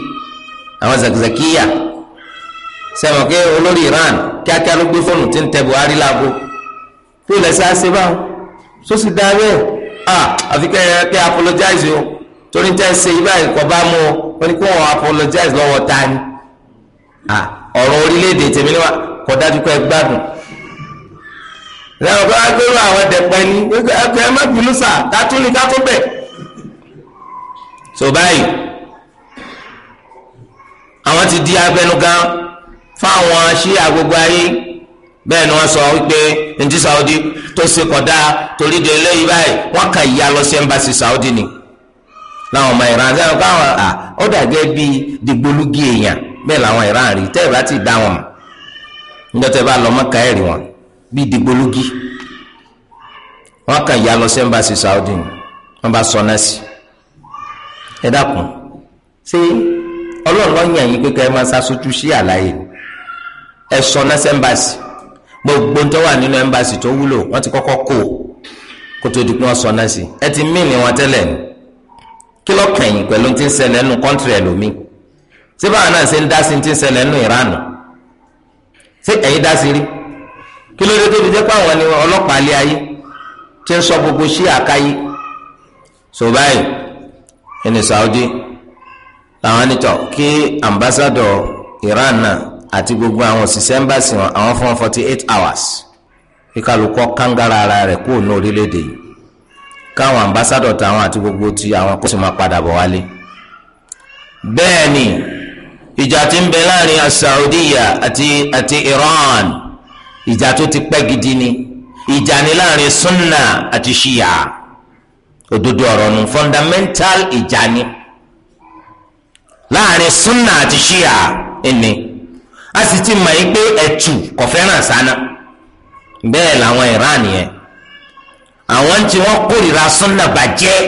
àwọn zẹkizẹkiya sẹ́yìn kó olórí iran kíákíá ló gbé fóònù tí ń tẹ buhari láago kó lẹ́sẹ̀ á ṣe báwọn sósì dá bẹ́ẹ̀ àfi kẹ́ ẹ kẹ́ apologize o torí tẹ́ ẹ ṣe ibà ẹ̀kọ́ bá mú o wọ́n ní kí wọ́n apologize lọ́wọ́ ta a ọ̀rọ̀ orílẹ̀-èdè tèmi ni wà kọ́ dájú kọ́ ẹ gbádùn lẹ́yìn ọ̀gá agbéró àwọn dẹ̀pẹ́ ni ẹ má bínú sà dátún ni dátún bẹ̀ tó báyìí àwọn ti di abẹnugan fáwọn ṣí agbogbo ayé bẹ́ẹ̀ ni wọ́n sọ wípé ntí Saudi tó ṣe kọ̀dá torí de eléyìí báyìí wọ́n kà ya lọ sí ẹmbàsí Saudi ni làwọn ọmọ Iran sẹ́wọ̀n káwọn à ó dàgẹ́ bíi dìgbòlugi èèyàn bẹ́ẹ̀ làwọn Iran rí tẹ́ ẹ̀ bá ti dá wọn nígbà tẹ́ bá lọ mọ́ka ẹ̀ rí wọn bíi dìgbòlugi wọ́n kà ya lọ sí ẹmbàsí Saudi ni wọ́n bá sọ náà sí ẹ dákun ṣé ọlọ́run lọ́yìn àyín pé ká ẹ máa sá sí àlàyé ẹ sọ náà sẹ́mbàsí gbogbo tó wà nínú ẹmbàsì tó wúlò wọ́n ti kọ́kọ́ kó kó tó di pé wọ́n sọ náà sí ẹ ti mí ni wọ́n tẹ́lẹ̀ ni kí ló kẹ̀yìn pẹ̀lú ti ń ṣẹlẹ̀ nù kọ́ńtì ẹ̀ lómi ṣé báwa náà ṣe ń dá sí ti ń ṣẹlẹ̀ nù ìránù ṣé ẹ̀yin dá sí rí kí ló dé tó fi pé àwọn ni ọlọ́pàá ayé ti ń sọ gbogbo sí àkáyé so báyìí ẹni Saudi làwọn ẹni tọ kí ambassadọ Iran náà àti gbogbo àwọn òṣìṣẹ́ ẹ̀mbàsì wọn àwọn fún forty eight hours kí kálukọ́ kángára ara rẹ̀ kúrò ní orílẹ̀-èdè yìí káwọn ambassadọ̀ tàwọn àti gbogbo ti àwọn kó sì máa padà bọ̀ wálé. bẹ́ẹ̀ ni ìjà tí ń bẹ láàrin Saudiya àti àti Iran ìjà tó ti pẹ́ gidi ni ìjà ni láàrin sunna àti shia òdodo ọ̀rọ̀ nu fundamental ìjà ni láàrin sunna àti shia ẹni. E a sì ti mọ̀ yìí pé ẹ̀tù kò fẹ́ràn sáná bẹ́ẹ̀ làwọn Iran yẹn àwọn tí wọ́n kórìíra súnà bàjẹ́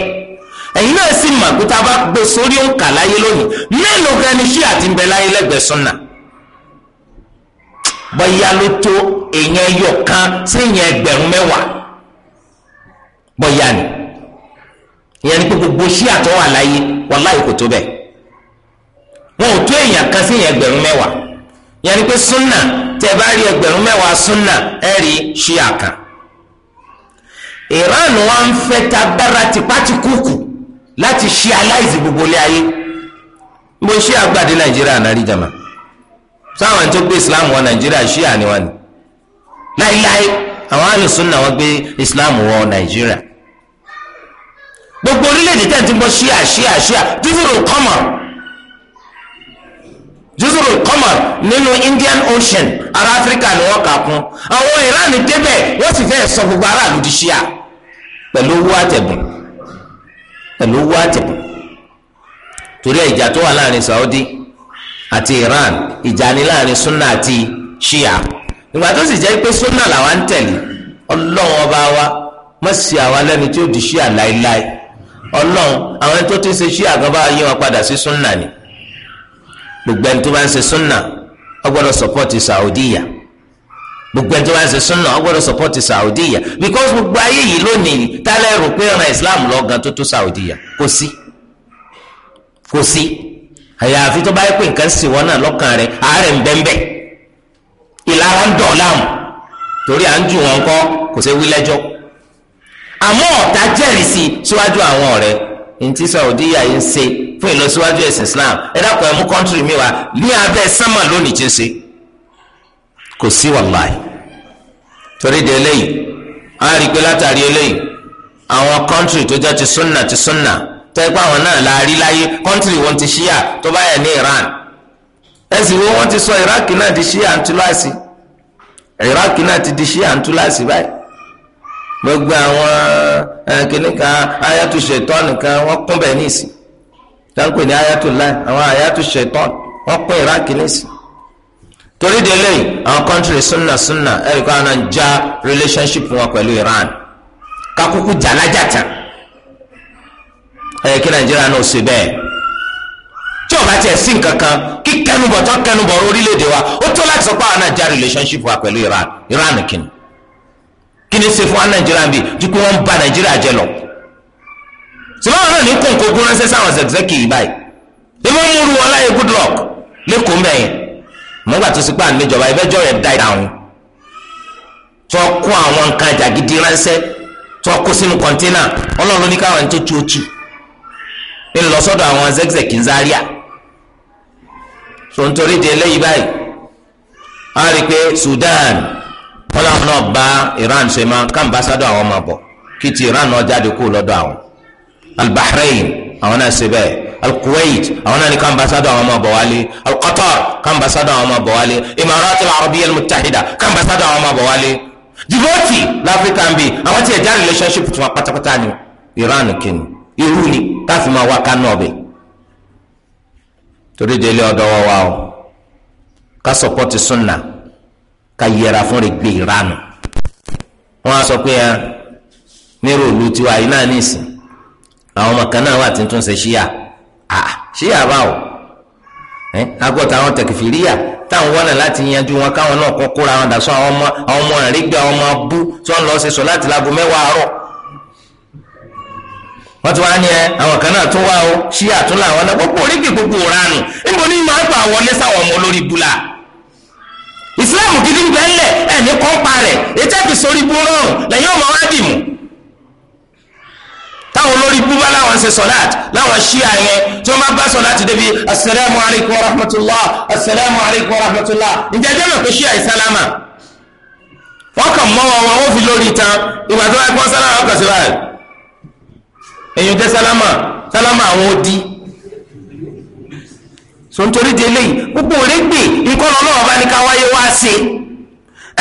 ẹ̀yin náà sì mọ̀ pé tá a bá gbé sórí òǹkà láyé lónìí mélòó gan ni ṣíà ti ń bẹ láyé lẹ́gbẹ̀ẹ́ súnà bọ́yá ló tó èèyàn ẹyọ kan sí ẹgbẹ̀rún mẹ́wàá bọ́yá ni ìyẹn ni pé gbogbo ṣíà tó wà láyé wàláhì kò tó bẹ́ẹ̀ wọn ò tó èèyàn kan sí ẹgbẹ̀rún mẹ́wàá yẹn ni pé súnà tẹ bá rí ẹgbẹ̀rún mẹ́wàá súnà ẹ rí ṣíà kan Iran wa ń fẹ́ tabara tipátikúkù láti ṣí aláìsí gbogbo ilé ayé mo ṣí àgbàdé Nàìjíríà náà rí jama sáwọn tó gbé Islam wọ Nàìjíríà ṣíà ni wọn ni láíláí àwọn alùsùnà wọn gbé Islam wọ Nàìjíríà gbogbo orílẹ̀-èdè tẹ̀ ń ti bọ́ ṣíà ṣíà ṣíà dúró kọ́mọ̀ juzurul qamar nínú Indian Ocean ará Áfíríkà ni wọ́n kà kún àwọn Iran débẹ̀ wọ́n sì fẹ́ẹ́ sọ gbogbo aráàlú di ṣíà pẹ̀lú owó àtẹ̀bùn pẹ̀lú owó àtẹ̀bùn torí ìjà tó wà láàrin Saudi àti Iran ìjà ni láàrin sunna àti ṣíà ìgbà tó sì jẹ́ pé sunna làwa ń tẹ̀lé ọlọ́run ọba wa má sì àwa lẹ́nu tí ó di ṣíà láéláé ọlọ́run àwọn tó ti ṣe ṣíà gan bá yí wọn padà sí sunna ni gbogbo ẹni tó bá ń ṣe súnà ó gbọ́dọ̀ sọpọ́tì Saudiya gbogbo ẹni tó bá ń ṣe súnà ó gbọ́dọ̀ sọpọ́tì Saudiya because gbogbo ayé yìí lónìí tálẹ̀ rò pé ran Islam lọ́gàn tó tó Saudiya kò sí kò sí àyàfi tó bá yẹ pé nǹkan sì wọ́n náà lọ́kàn rẹ̀ àárẹ̀ ń bẹ́ńbẹ́ ìlara ń dọ̀ láàmú torí à ń jù wọn kọ́ kò sí wílẹ́jọ́ àmọ́ ọ̀tá jẹ́rìí sí síwájú àwọn ọ̀rẹ́ ntí Saudi yà yín ṣe fún ìlọsíwájú ẹ̀sìn Islam ẹ dákun ẹ mú kọ́ńtìrì mi wá ní abẹ́ sánmà lónìí ti ń ṣe kò sí wàláì torí de eléyìí a rí pé látàrí eléyìí àwọn kọ́ńtìrì tó jẹ́ ti sunna ti sunna tẹ́gbà àwọn náà la rí láyé kọ́ńtìrì wọn ti ṣíyà tó bá yẹ ní Iran ẹ̀sìn wo wọ́n ti sọ Iraq náà di ṣíyà ntúláàsì Iraq náà ti di ṣíyà ntúláàsì báyìí gbogbo àwọn eh, kìnnìkan ayatu ṣetán nìkan wọ́n kún bẹ́ẹ̀ ní ìsìn táǹkì ní ayatu láì àwọn ayatu ṣetán wọ́n kún iraq ní ìsìn torí àwọn sunna sunna ń relationship wọn pẹ̀lú Iran kakuku jalajata ẹ̀yẹ kí Nàìjíríà náà ṣe bẹ́ẹ̀ tí ọba tiẹ̀ sí nkankan kí kẹnubọ̀ tó kẹnubọ̀ orílẹ̀-èdè wa ó tó láti sọ relationship wa pẹ̀lú Iran Iran kí ni ṣe fún wa nàìjíríà bíi ju pé wọ́n ń ba nàìjíríà jẹ lọ. sìmáwọn náà ní kóńkó gún ránṣẹ́ sáwọn zẹkìzẹkì yìí báyìí ebi wọn múru wọn láyé good luck lẹkọọ mẹyìn mọgbà tó sípà níjọba ìbẹjọ rẹ dá ìdáhùn tó kó àwọn nǹkan jàgídí ránṣẹ́ tó sínú kọńténà Ọlọ́run ní káwọn tó tu otu ńlọsọdọ àwọn zẹkìzẹkì ń záríà tó ń di eléyìí báyìí wọn rí i pé Sudan wọn làwọn náà bá Iran ṣe máa kámbásádọ àwọn máa bọ kí ti Iran náà jáde kú lọ́dọ̀ àwọn al-Bahrain àwọn náà ṣe bẹ́ẹ̀ al-Kuwait àwọn náà ní kámbásádọ àwọn máa bọ wálé al-Qatar kámbásádọ àwọn máa bọ wálé Imarat al-Arabiya al-Muttahida àwọn máa bọ wálé Djibouti láfíríkà ń bì àwọn tí ẹja relationship tí wọn pátápátá ni Iran kìnnì irú ni káfí máa wá kánú ọbẹ torí délé ọ̀dọ̀ wa ká sọpọ́tì sunnah ka yẹra fún rẹ gbé ìranù wọn á sọ pé ẹ nírò ìlú tiwa yìí náà nìsín àwọn ọmọ kan náà wà tí ń tún ṣe ṣíyà à ṣíyà báwo ẹ agbọ́ta àwọn tẹkifìríyà táwọn wọ́nà láti yanjú wọn káwọn náà kọ́ kóra wọn dàsọ àwọn ọmọ àwọn ọmọ àrígbé àwọn ọmọ bú tí wọ́n lọ ṣe sọ láti láago mẹ́wàá àárọ̀ wọ́n ti wá ní ẹ àwọn kan náà tún wá o ṣíyà tún làwọn náà gbogbo oríkì gbogbo òranù níbo ní ìmọ̀ àgbà wọlé sáwọn ọmọ olórí bùlà. Islam gidi ń bẹ́ẹ̀lẹ̀ ẹ̀mí kọ́ńpa rẹ̀ ètò ẹ̀fì sórí ibú rọrùn lẹ́yìn ọmọ wa dì mú. táwọn olórí ibú bá láwọn ṣe sọ̀láàt láwọn ṣí àyẹn tí wọ́n bá bá sọ̀láàt débi asalaamu alaykum wa rahmatulah asalaamu alaykum wa rahmatulah ǹjẹ́ ẹjẹ́ mọ̀ pé ṣí àyè sálámà. wọ́n kàn mọ́ wọn wọn ó fi lórí tan ìgbà tó wáyé kọ́ sálámà ọkọ̀ sí báyìí. èyí ń tẹ́ sálámà sálámà àwọn ó di sọ̀ntorí di eléyìí gbogbo òrégbè ìkọlù ọlọ́wọ́ bá ní ká wáyé wá sí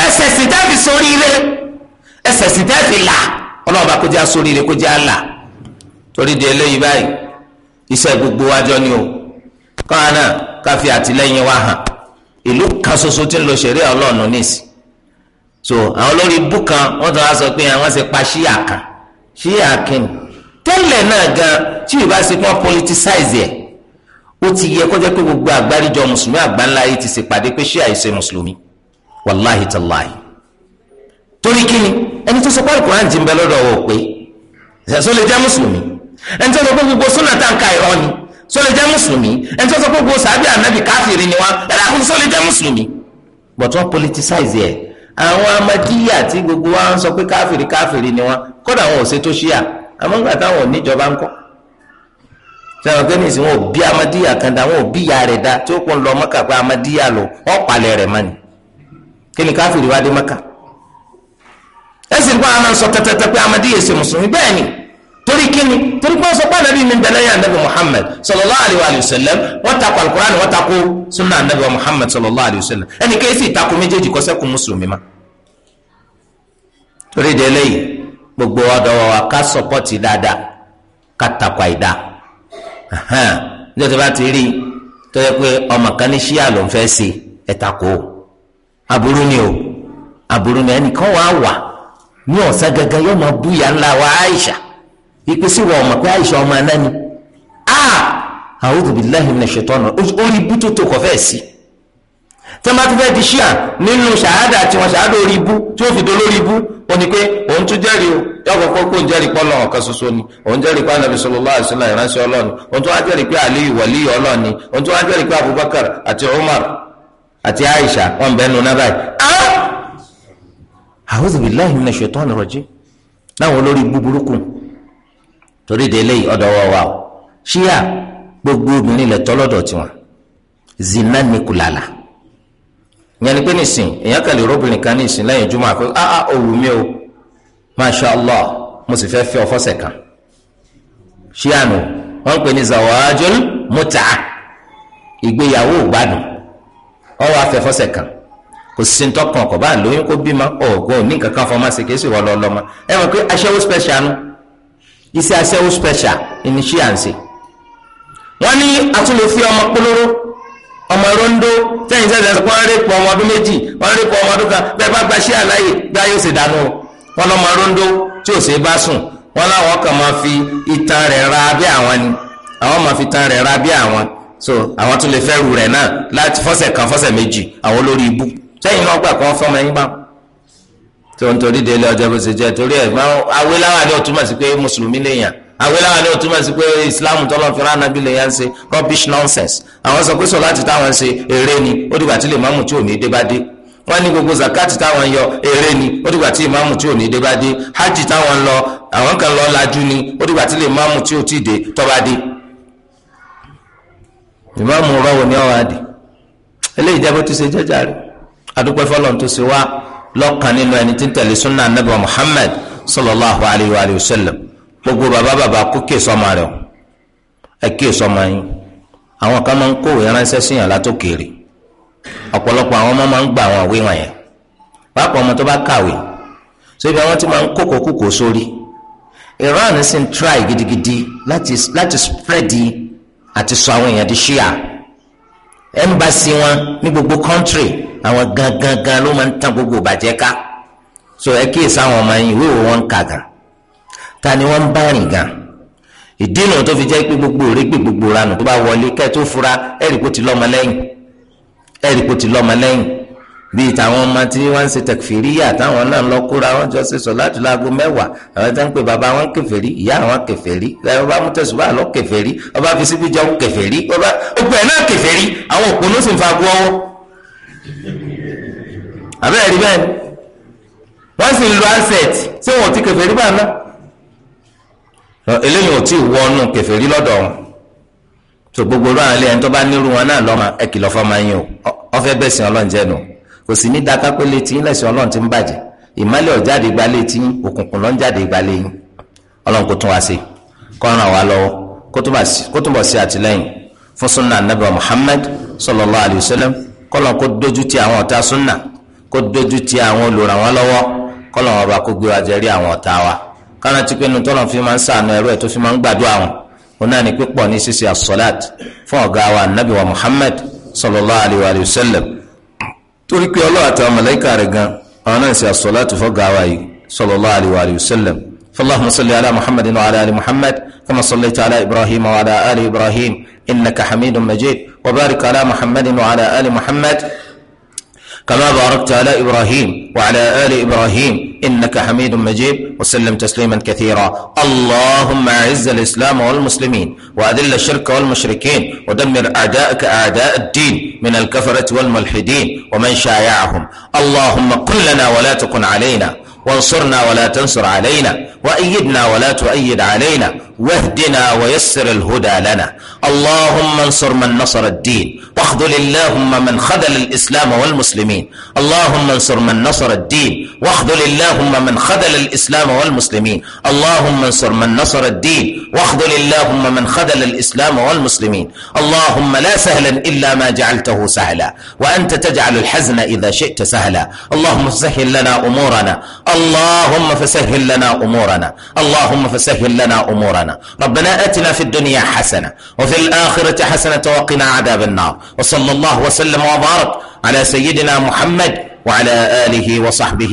ẹsẹ̀ sì tẹ́fì sórí ilé ẹsẹ̀ sì tẹ́fì là ọlọ́wọ́ bá kó jẹ́ sórí ilé kó jẹ́ àlà torí di eléyìí báyìí iṣẹ́ gbogbo wa ni o káwọn náà ká fi àtìlẹ́yìn wa hàn ìlú kan ṣoṣo tí ń lo ṣẹ̀ríà ọlọ́ọ̀nù níìsì so àwọn olórí ibú kan wọ́n tún wá sọ pé àwọn ṣe pa ṣíà kan ṣíà kìnnì tẹ́lẹ̀ náà gan tí ìbá ó ti yẹ kó jẹ́ pé gbogbo àgbáríjọ mùsùlùmí àgbáńlá yìí ti ṣèpàdé pé ṣé àìsè mùsùlùmí wàláhì tàláhì torí kí ni ẹni tó sọ pé alukur'an ti ń bẹ lọ́dọ̀ wọ̀ pé ṣàṣọ lè jẹ́ mùsùlùmí ẹni tó sọ pé gbogbo súnà tá n ka irọ́ ni ṣó lè jẹ́ mùsùlùmí ẹni tó sọ pé gbogbo sàbí ànábì káfíìrì ni wọn ẹ̀rọ àkùnrin ṣó lè jẹ́ mùsùlùmí but wọ́n ẹ̀ àwọn amadíyà tí gbogbo wa ń sọ pé káfíìrì káfíìrì ni wọn kódà wọn ò ṣètò ṣíà àmọ́ ńgbà táwọn ò ńkọ́ sẹ́wọ̀n pé nìsín wọn ò bí amadíyà kan dá wọn ò bí ìyá rẹ̀ dá tí ó kún lọ mọ́kà pé amadíyà lò wọ́n palẹ̀ rẹ̀ mọ́ ni kí ni káfíìrì wá dé mọ́kà. ẹ sì ń pa àwọn sọ tẹ́tẹ́tẹ́ pé amadíyà ṣe mùsùlùmí bẹ́ẹ̀ ni torí kí torí pé wọ́n sọ pé anabi mi bẹ̀rẹ̀ yẹn anabi muhammed sallallahu alayhi wa sallam wọ́n takò alukur'an wọ́n takò sunna anabi muhammed sallallahu alayhi wa sallam ẹnì kẹ́ sì takò méjèèjì kọ́ sẹ́kù mùsùlùmí ma. torí délé yìí gbogbo ọ̀dọ́ wa ká sọpọ́tì dáadáa ká takò àìdáa. níjọ́ tó bá ti rí tó yẹ pé ọmọ kan ní ṣíà ló ń fẹ́ aburú ni o aburú ni ẹnìkan wàá wà ní ọ̀sán gangan yóò máa bú ìyá ńlá wa Aisha ipe sí wọ ọmọ pé Aisha ọmọ aná ni a ah! a'udhu billahi minash shaitani orí bútótó kọ fẹ́ẹ́ sí tí wọ́n bá ti fẹ́ di ṣíà nínú ṣàádà tí wọ́n ṣàádà orí ibú tí ó fi do lórí ibú ó ní pé òun tún jẹ́rìí o yọ kọ́kọ́ kó ń jẹ́rìí pọ́lọ́ ọ̀kan ṣoṣo ni òun jẹ́rìí pé anabi sallallahu alaihi wasallam ìránṣẹ́ ọlọ́ọ̀ni òun tún wá jẹ́rìí pé ali wàlí ọlọ́ọ̀ni òun tún wá jẹ́rìí pé abubakar àti umar àti aisha wọn bẹ́ẹ̀ nu náà báyìí. a'udhu billahi minash shaitanir rajim láwọn olórí búburúkú torí délé ọ̀dọ̀ wọ̀ zina ní kùlàlà ìyẹn ni pé nìsín èèyàn kẹlẹ rọbìnrin kan ní ìsìn lẹ́yìn jùmọ àpé ah ah òwú mi o masha allah mo sì fẹ́ fẹ́ ọ fọ́sẹ̀ kan ṣíàánú wọ́n ń pè ní zawajul muta ìgbéyàwó ìgbádùn ọwọ́ afẹ́ fọ́sẹ̀ kan kò sí ntọ́kàn kò bá lóyún kó bímọ ọ̀gọ́ ní kankan fọmọ sí kí ó sì rọ lọ lọmọ ẹ mọ̀ pé aṣẹ́wó special nu iṣẹ́ aṣẹ́wó special ìníṣíà ń ṣe wọ́n ní atúlẹ̀ fi ọmọ polówó ọmọ rondo sẹ́yìn sẹ́yìn sẹ́yìn wọ́n rí pọ̀ ọmọ ọdún méjì wọ́n rí pọ̀ ọmọ ọdún kan bẹ́ẹ̀ bá gba sí àlàyé gbá yóò ṣe dànù wọn lọ́mọ rondo tí ò ṣe bá sùn wọn láwọn kan máa fi itan rẹ̀ ra bí àwọn ni àwọn máa fi itan rẹ̀ ra bí àwọn so àwọn tún lè fẹ́ ru rẹ̀ náà láti fọ́sẹ̀ kan fọ́sẹ̀ méjì àwọn olórí ibú sẹ́yìn náà gbà kọ́ fọ́mọ ẹ̀yìn bá tó ń torí délé ọjọ́ bó ṣe jẹ́ torí ẹ̀ máa awé láwọn àdé ọ̀túnmọ̀ sí pé mùsùlùmí lèèyàn àwíláwà ni ó túmọ̀ sí pé islam tọ́lọ́ fi rán anabi lèyàn ṣe rubbish nonsense àwọn sọ pé sọ láti táwọn ṣe èrè ni ó dìgbà tí lè máàmù tí ò ní dé bá dé wọ́n ní gbogbo zakati táwọn yọ èrè ni ó dìgbà tí ìmáàmù tí ò ní dé bá dé hajj táwọn lọ àwọn kan lọ lajú ni ó dìgbà tí lè máàmù tí ò tí ì dé tó dé ìmáàmù rọwọ ni ọwọ adì eléyìí jẹ́ ti ṣe jẹ́jà rẹ̀ adúpẹ́ fọlọ́n lọ́kàn nínú ẹni tí ń tẹ̀lé sunna anabi muhammad sallallahu alayhi wa sallam gbogbo baba baba kó kí sọmọ rẹ o ẹ kí sọmọ yín àwọn kan máa ń kówé ránṣẹ́ sí yàn látòkèrè ọ̀pọ̀lọpọ̀ àwọn ọmọ máa ń gba àwọn àwé wọn yẹn pàápàá ọmọ tó bá kàwé sóbi àwọn tí máa ń kókò kúkò sórí Iran sì ń try gidigidi láti láti spread àti sọ àwọn èèyàn di ṣíà embassy wọn ní gbogbo country àwọn gangan gan ló máa ń tan gbogbo bàjẹ́ ká so ẹ kíyèsí àwọn ọmọ yín ìwé òwò wọn ń kà ta ni wọ́n ń bá rìn gan ìdínà tó fi jẹ́ pé gbogbo rẹ̀ pé gbogbo ranù tó bá wọlé kẹ́ tó fura ẹ̀rì kó ti lọ́mọ lẹ́yìn ẹ̀rì kó ti lọ́mọ lẹ́yìn bíi tàwọn ọmọ tí wọ́n ń ṣe tẹ̀kfìríyà táwọn náà lọ kóra wọn jọ ṣe sọ̀láàtì láago mẹ́wàá àwọn tó ń pe bàbá wọn kèfèrí ìyá àwọn kèfèrí ọba mutẹ̀sùbá lọ kèfèrí ọba fi síbi jẹun kèfèrí ọba ọgbẹ́ náà kèfèrí àwọn òpónú sì ń fa agbó ọwọ́ àbẹ́rẹ́ rí bẹ́ẹ̀ wọ́n sì ń lo asset tí wọn ti kèfèrí bá náà eléyìí ò tí ì wọnú kèfèrí lọ́dọ̀ wọn tó gbogbo ọlọ́run alẹ́ ẹni tó bá nírú wọn náà lọ́mọ ẹ kìlọ̀ fọmọ yín o ọfẹ́ bẹ̀sìn ọlọ́run jẹ́ kò sì ní daka pé létí yín lẹ́sìn ọlọ́run ti ń bàjẹ́ ìmọ́lẹ̀ ọ̀jáde gba létí yín òkùnkùn lọ́n jáde gba léyìn ọlọ́run kó tún wá sí kó ràn wá kó túnbọ̀ sí àtìlẹ́yìn fún sunna anabi muhammad sallallahu alayhi wa sallam kọ́lọ́n kó dójú ti àwọn ọ̀tá sunna kó dójú ti àwọn olùrànwọ́ lọ́wọ́ kọ́lọ́n ọba kó gbé wa jẹ́rí àwọn ọ̀tá wa kára ti pé nùtọ́nà fi máa ń sànù ẹ̀rọ ẹ̀ tó fi máa ń gbàdúrà wọn wọn náà ní pípọ̀ ní ṣíṣe asọ́láàt fún ọ̀gá wa nabi wa muhammad sallallahu alayhi wa sallam torí pé ọlọ́wà àtàwọn mọ̀lẹ́kà rẹ̀ gan àwọn náà ṣe asọ́láàt fún ọ̀gá wa yìí sallallahu alayhi wa sallam fallahumma salli ala muhammadin wa ala ali muhammad kama sallaita ala ibrahim wa ala ali ibrahim innaka hamidun majid wa barik ala muhammadin wa ala ali muhammad. كما باركت على إبراهيم وعلى آل إبراهيم إنك حميد مجيد وسلم تسليما كثيرا اللهم أعز الإسلام والمسلمين وأذل الشرك والمشركين ودمر أعداءك أعداء الدين من الكفرة والملحدين ومن شايعهم اللهم قل لنا ولا تكن علينا وانصرنا ولا تنصر علينا وأيدنا ولا تؤيد علينا واهدنا ويسر الهدى لنا اللهم انصر من نصر الدين واخذل اللهم من خذل الإسلام والمسلمين اللهم انصر من نصر الدين واخذل اللهم من خذل الإسلام والمسلمين اللهم انصر من نصر الدين واخذل اللهم من خذل الإسلام والمسلمين اللهم لا سهلا إلا ما جعلته سهلا وأنت تجعل الحزن إذا شئت سهلا اللهم فسهل لنا أمورنا اللهم فسهل لنا أمورنا اللهم فسهل لنا أمورنا ربنا ربنا آتنا في الدنيا حسنة وفي الآخرة حسنة وقنا عذاب النار وصلى الله وسلم وبارك على سيدنا محمد وعلى آله وصحبه